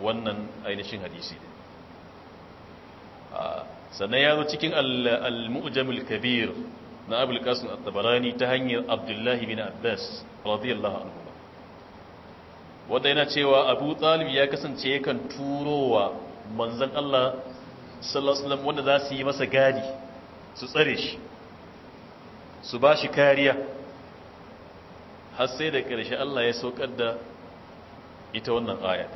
wannan ainihin hadisi ne sannan ya zo cikin al-mu'jamul kabir na abul qasim at ta hanyar abdullahi bin abbas radiyallahu anhu wanda yana cewa abu talib ya kasance yakan turowa manzan Allah sallallahu wanda za su yi masa gadi su tsare shi su ba shi kariya har sai da ƙarshe Allah ya saukar da ita wannan aya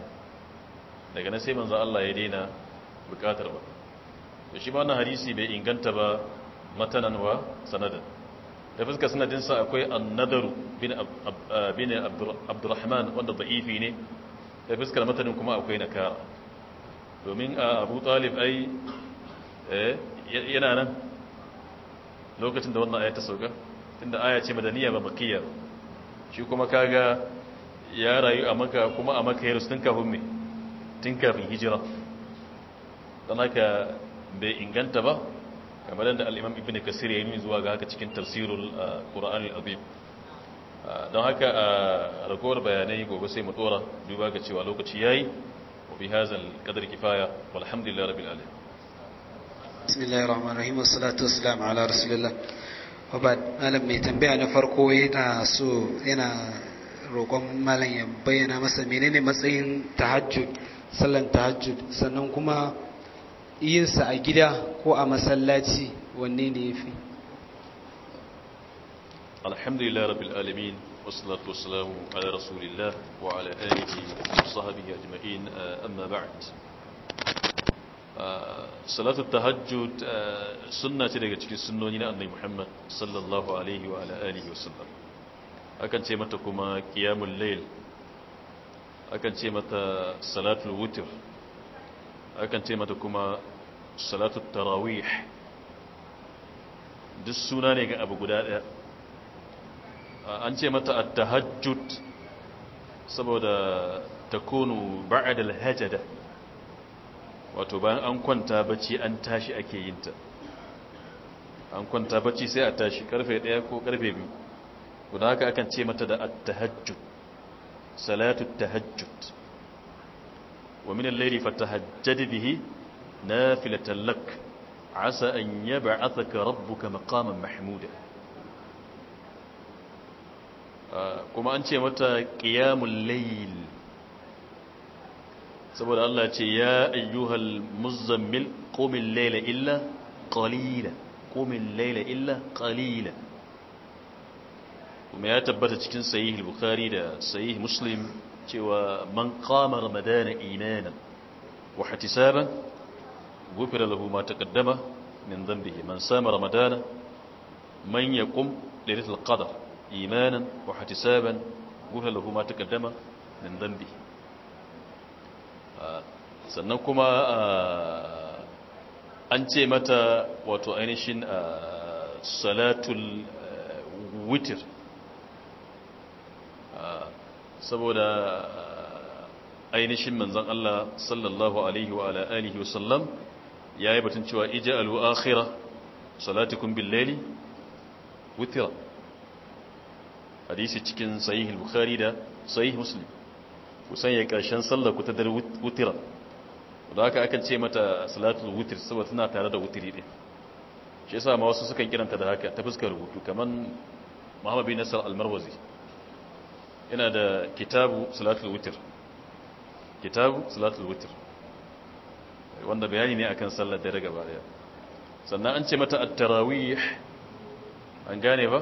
daga na sai manzan Allah ya daina bukatar ba shi ba wannan hadisi bai inganta ba matanan wa da fuskar sanadinsa akwai annadaru bin ah, abdurrahman wanda da'ifi ne da fuskar matanin kuma akwai na kara domin a ah, abu talib ai eh, yana nan lokacin da wannan aya ta sauka inda aya ce madaniya ba bakiyar shi kuma kaga ya rayu a maka kuma a maka yarsu tun kafin mai tun kafin hijira don haka bai inganta ba kamar da al'imam ibn kasir ya yi zuwa ga haka cikin tafsirul ƙura'an uh, al'azim uh, don haka a uh, ragowar bayanai gobe sai mu dora duba ga cewa lokaci ya yi wa bi hazan kadar kifaya walhamdulillah rabbil alim bismillahir rahmanir rahim wassalatu wassalamu ala rasulillah wa ba malam mai tambaya na farko yana so yana roƙon malam ya bayyana masa menene matsayin tahajjud sallan tahajjud sannan kuma yinsa a gida ko a masallaci wanne ne ya fi alhamdulillah rabbil alamin wasalatu wassalamu ala rasulillah wa ala alihi wa sahbihi ajma'in amma ba'd salatu tahajjud sunna ce daga cikin sunnoni na annabi Muhammad sallallahu alaihi wa ala alihi wa sallam akan ce mata kuma qiyamul layl akan ce mata salatul wutr akan ce mata kuma salatu tarawih duk suna ne ga abu guda daya an ce mata at-tahajjud saboda takunu ba'da al-hajada wato bayan an kwanta bacci an tashi ake yin ta an kwanta bacci sai a tashi karfe 1 ko karfe 2 guda haka akan ce mata da at-tahajjud salatu at-tahajjud ومن الليل فتهجد به نافلة لك عسى أن يبعثك ربك مقاما محمودا آه، كما أنت متى قيام الليل سبحان الله يا أيها المزمل قم الليل إلا قليلا قم الليل إلا قليلا وما يتبت تكن سيه البخاري سيه مسلم cewa man qama ramadana imanan wa ihtisaban ghufira lahu ma taqaddama min dhanbihi man sama ramadana man yaqum lailatul qadr imanan wa ihtisaban ghufira lahu ma taqaddama min dhanbihi sannan kuma an ce mata wato ainihin salatul witr saboda eh, ainihin manzon Allah sallallahu alaihi wa ala alihi wasallam yayi batun cewa ij'alu akhira salatikum bil layli witra hadisi cikin sahih al-bukhari da sahih muslim kusan ya karshen sallar ku ta dar wutira. da haka akan ce mata salatul wutir saboda tana tare da wutiri ne. shi yasa ma wasu sukan kiranta da haka ta fuskar rubutu kamar Muhammadu bin Nasr al yana da kitabu salatul witr kitabu salatul witr wanda bayani ne akan sallar dare gaba daya sannan an ce mata at-tarawih an gane ba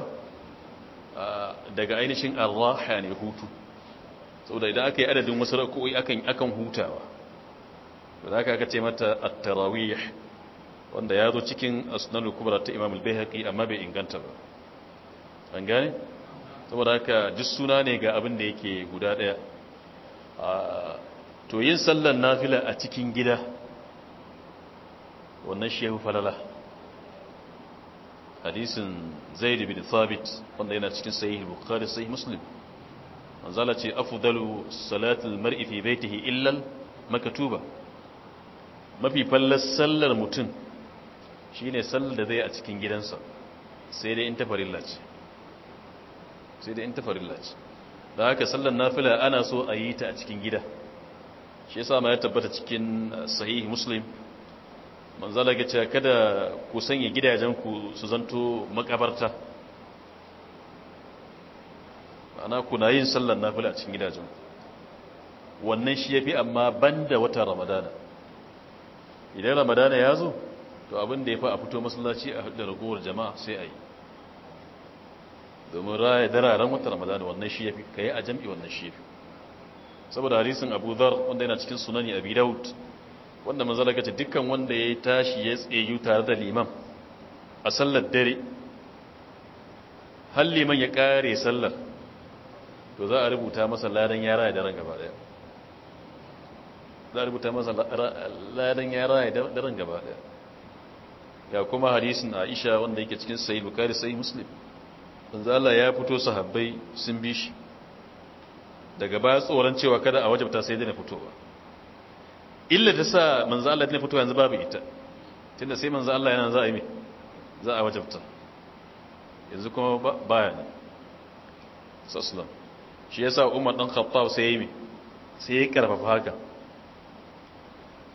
daga ainihin Allah ya ne hutu saboda idan aka yi adadin wasu rako'i akan akan hutawa da aka aka ce mata at-tarawih wanda ya zo cikin asnanul kubra ta imam al-bayhaqi amma bai inganta ba an gane saboda haka duk suna ne ga abin da yake guda daya to yin sallar nafila a cikin gida wannan shehu falala hadisin zaid bin thabit wanda yana cikin sahih bukhari sahih muslim manzala ce afdalu salatul mar'i fi baitihi illa makatuba mafi fallas sallar mutum shine sallar da zai a cikin gidansa sai dai in ta ce sai dai in ta ce da haka sallar nafila ana so a yi ta a cikin gida shi yasa ma ya tabbata cikin uh, sahih muslim manzala ga cewa kada ku sanya gidajen ku su zanto makabarta ana kuna yin sallar nafila a cikin gidajen wannan shi ya fi amma banda wata ramadana idan ramadana ya zo to abin da ya fa a fito masallaci a da ragowar jama'a sai a yi domin raya dararen wata ramadana wannan shi ya ka kai a jam'i wannan shi ya fi. saboda hadisin Abu zar wanda yana cikin sunani a Dawud wanda manzo gaci dukkan wanda ya tashi ya tsayu tare da liman a sallar dare har liman ya kare sallar to za a rubuta masa ladan yara da ran gaba za a rubuta masa ladan yara da ran gaba daya ya kuma hadisin Aisha wanda yake cikin sayi bukari sayi Muslim manzo Allah ya fito sahabbai sun bi shi daga baya tsoron cewa kada a wajabta sai dai na ba illa ta sa manzo Allah na fito yanzu babu ita tunda sai manzo Allah yana za a yi me za a wajabta yanzu kuma baya ne sallallahu shi yasa Umar dan Khattab sai yi me sai ya karfafa haka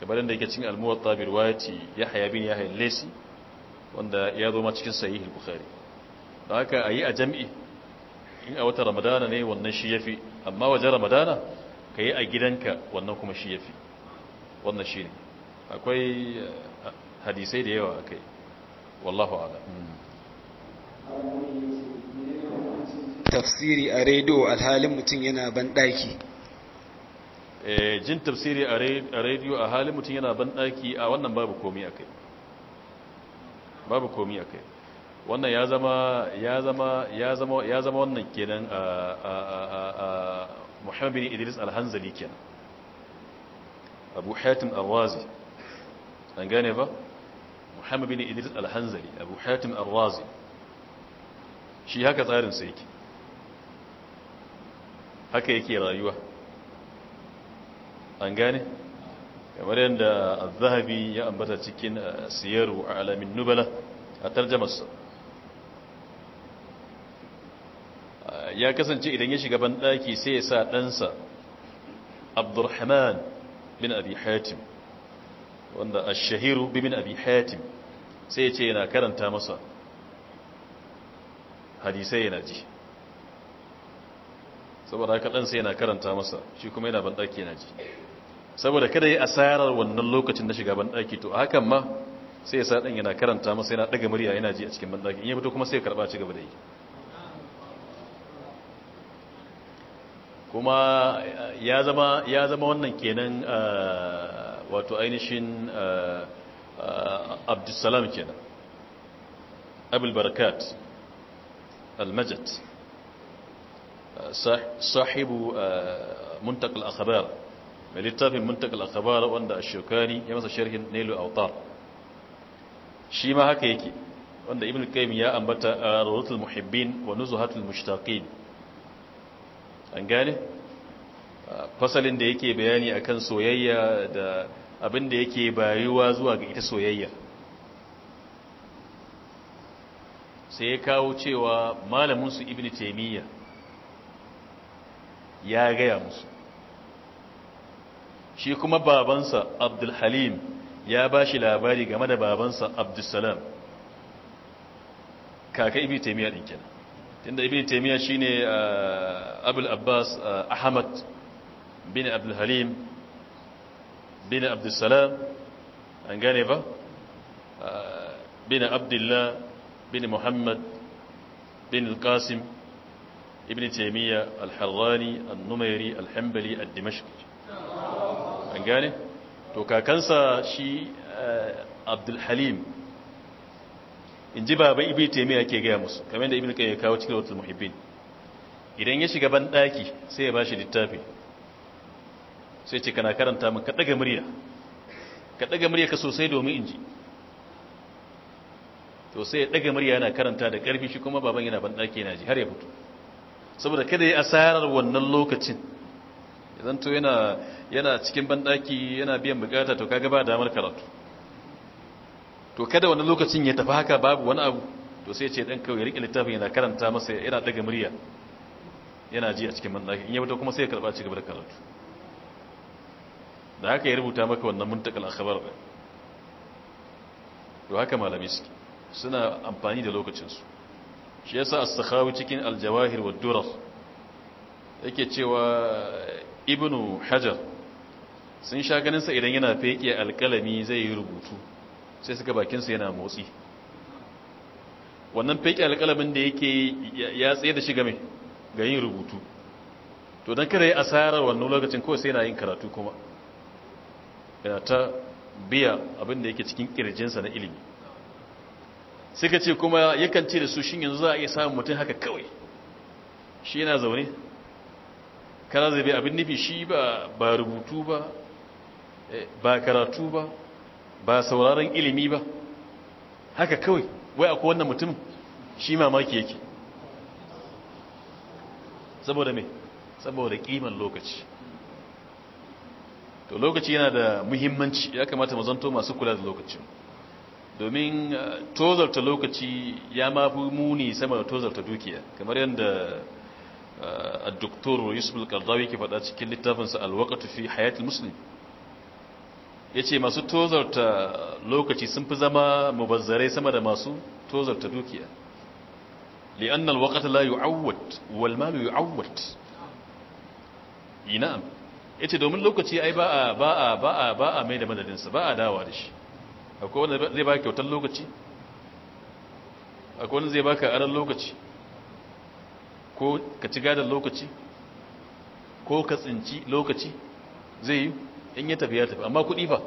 kamar da yake cikin al-Muwatta bi riwayati Yahya bin Yahya al-Laysi wanda ya zo ma cikin sahih al-Bukhari da haka a yi a jam'i in a wata ramadana ne wannan shi ya fi amma wajen ramadana ka yi a gidanka wannan kuma shi ya fi wannan shi ne akwai eh, hadisai da yawa akai wallahu ala tafsiri a rediyo alhalin mutum yana banɗaki eh, jin tafsiri a rediyo a halin mutum yana banɗaki a wannan babu komi akai babu komi akai wannan ya zama ya zama ya zama ya zama wannan kenan Muhammad bin Idris al-Hanzali kenan Abu Hatim al-Razi an gane ba Muhammad bin Idris al-Hanzali Abu Hatim al-Razi shi haka tsarin sa yake haka yake rayuwa an gane kamar yadda al-Zahabi ya ambata cikin siyaru alamin nubala a sa ya kasance idan ya shiga banɗaki sai ya sa ɗansa abdurrahman bin abi hatim wanda a shahiru bin abi hatim sai ya ce yana karanta masa hadisai yana ji saboda haka ɗansa yana karanta masa shi kuma yana banɗaki yana ji saboda kada ya asarar wannan lokacin na shiga banɗaki to hakan ma sai ya sa ɗan yana karanta masa yana ɗaga murya yana ji a cikin banɗaki in ya fito kuma sai ya karɓa ci gaba da yi kuma ya zama ya zama wannan kenan wato ainihin abdussalam kenan abul barakat al-majid sahibu muntakal akhbar mai littafin muntakal akhbar wanda ashokani ya masa sharhin nailu awtar shi ma haka yake wanda ibnu qayyim ya ambata rawatul muhibbin wa nuzuhatul mushtaqin an gane fasalin da yake bayani akan soyayya da abin da yake bayuwa zuwa ga ita soyayya sai ya kawo cewa malaminsu ibn taimiyya ya gaya musu shi kuma babansa abdulhalim ya ba shi labari game da babansa abdulsalam kaka ibn taimiyya ɗin kenan tunda ibn taymiya shine uh, abul abbas uh, ahmad bin abdul halim bin abdul salam an gane ba uh, bin abdullah bin muhammad bin al-qasim ibn taymiya al-harrani an-numairi al-hanbali ad-dimashqi an gane to kakansa shi abdul halim in ji baba ibn ya ke gaya musu kame da ibi kai ya kawo cikin wata muhibbin idan ya shiga ban daki sai ya bashi littafi sai ce kana karanta min ka daga murya ka daga murya ka sosai domin in ji to sai ya ɗaga murya yana karanta da ƙarfi shi kuma baban yana ban daki yana ji har ya fito saboda kada ya asarar wannan lokacin idan to yana yana cikin ban daki yana biyan bukata to kaga ba damar karatu to kada wani lokacin ya tafi haka babu wani abu to sai ce dan kawai rike littafin yana karanta masa yana daga murya yana ji a cikin mallaki in ya fito kuma sai ya karba ci gaba da karatu da haka ya rubuta maka wannan muntakal akhbar din to haka malami suke suna amfani da lokacinsu shi yasa as-sakhawi cikin al-jawahir wa durar yake cewa ibnu hajar sun sha ganin sa idan yana feke alkalami zai yi rubutu sai suka bakinsa yana motsi wannan fake alƙalamin da yake ya tsaye da shi game ga yin rubutu to don kada ya asarar wannan lokacin kawai sai yana yin karatu kuma yana ta biya abin da yake cikin ƙirjinsa na ilimi suka ce kuma yakan ce da su shin yanzu za a iya samun mutum haka kawai shi yana zaune kana zai bai abin nufi shi ba rubutu ba eh, ba karatu ba ba sauraron ilimi ba haka kawai wai akwai wannan mutum shi mamaki yake saboda me saboda kiman lokaci to lokaci yana da muhimmanci ya kamata mu zanto masu kula da lokacin domin uh, tozarta lokaci ya mafi muni sama da tozarta dukiya kamar yadda a uh, doktor yusuf al-qardawi ke faɗa cikin littafinsa al-waqtu fi hayatul muslim ya ce masu tozarta lokaci sun fi zama mubazzarai sama da masu tozarta dukiya li'annan waƙata la yu'awwat wal malu yu'awwat ina ya ce domin lokaci ai ba a ba a ba a ba a mai da madadinsa ba a dawa da shi akwai wanda zai ba kyautar lokaci akwai wanda zai ba ka aran lokaci ko ka ci gadon lokaci ko ka tsinci lokaci zai yi in ya tafi ya tafi amma kuɗi ba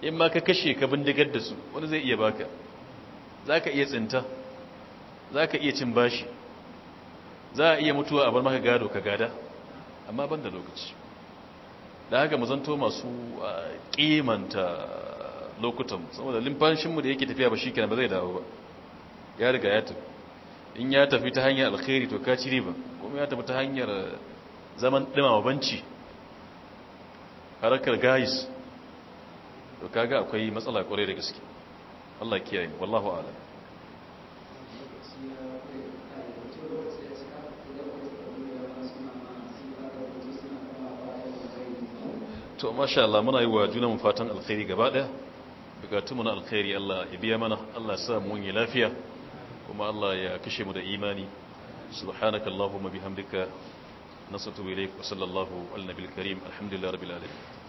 in ma ka kashe ka bindigar da su wani zai iya baka za ka iya tsinta za ka iya cin bashi za a iya mutuwa a bar maka gado ka gada amma ban da lokaci da haka mu zanto masu kimanta lokutan saboda limfanshinmu da yake tafiya ba shi kenan ba zai dawo ba ya riga ya tafi in ya tafi ta hanyar alkhairi to ka ci riba kuma ya tafi ta hanyar zaman dumama banci harakar gais to kaga akwai matsala kwarai da gaske Allah kiyaye wallahu a'lam to masha Allah muna yi wa junanmu fatan alkhairi gaba daya mu na alkhairi Allah ya biya mana Allah ya sa mu yi lafiya kuma Allah ya kashe mu da imani subhanakallahumma bihamdika نصرت إليك وصلى الله على النبي الكريم الحمد لله رب العالمين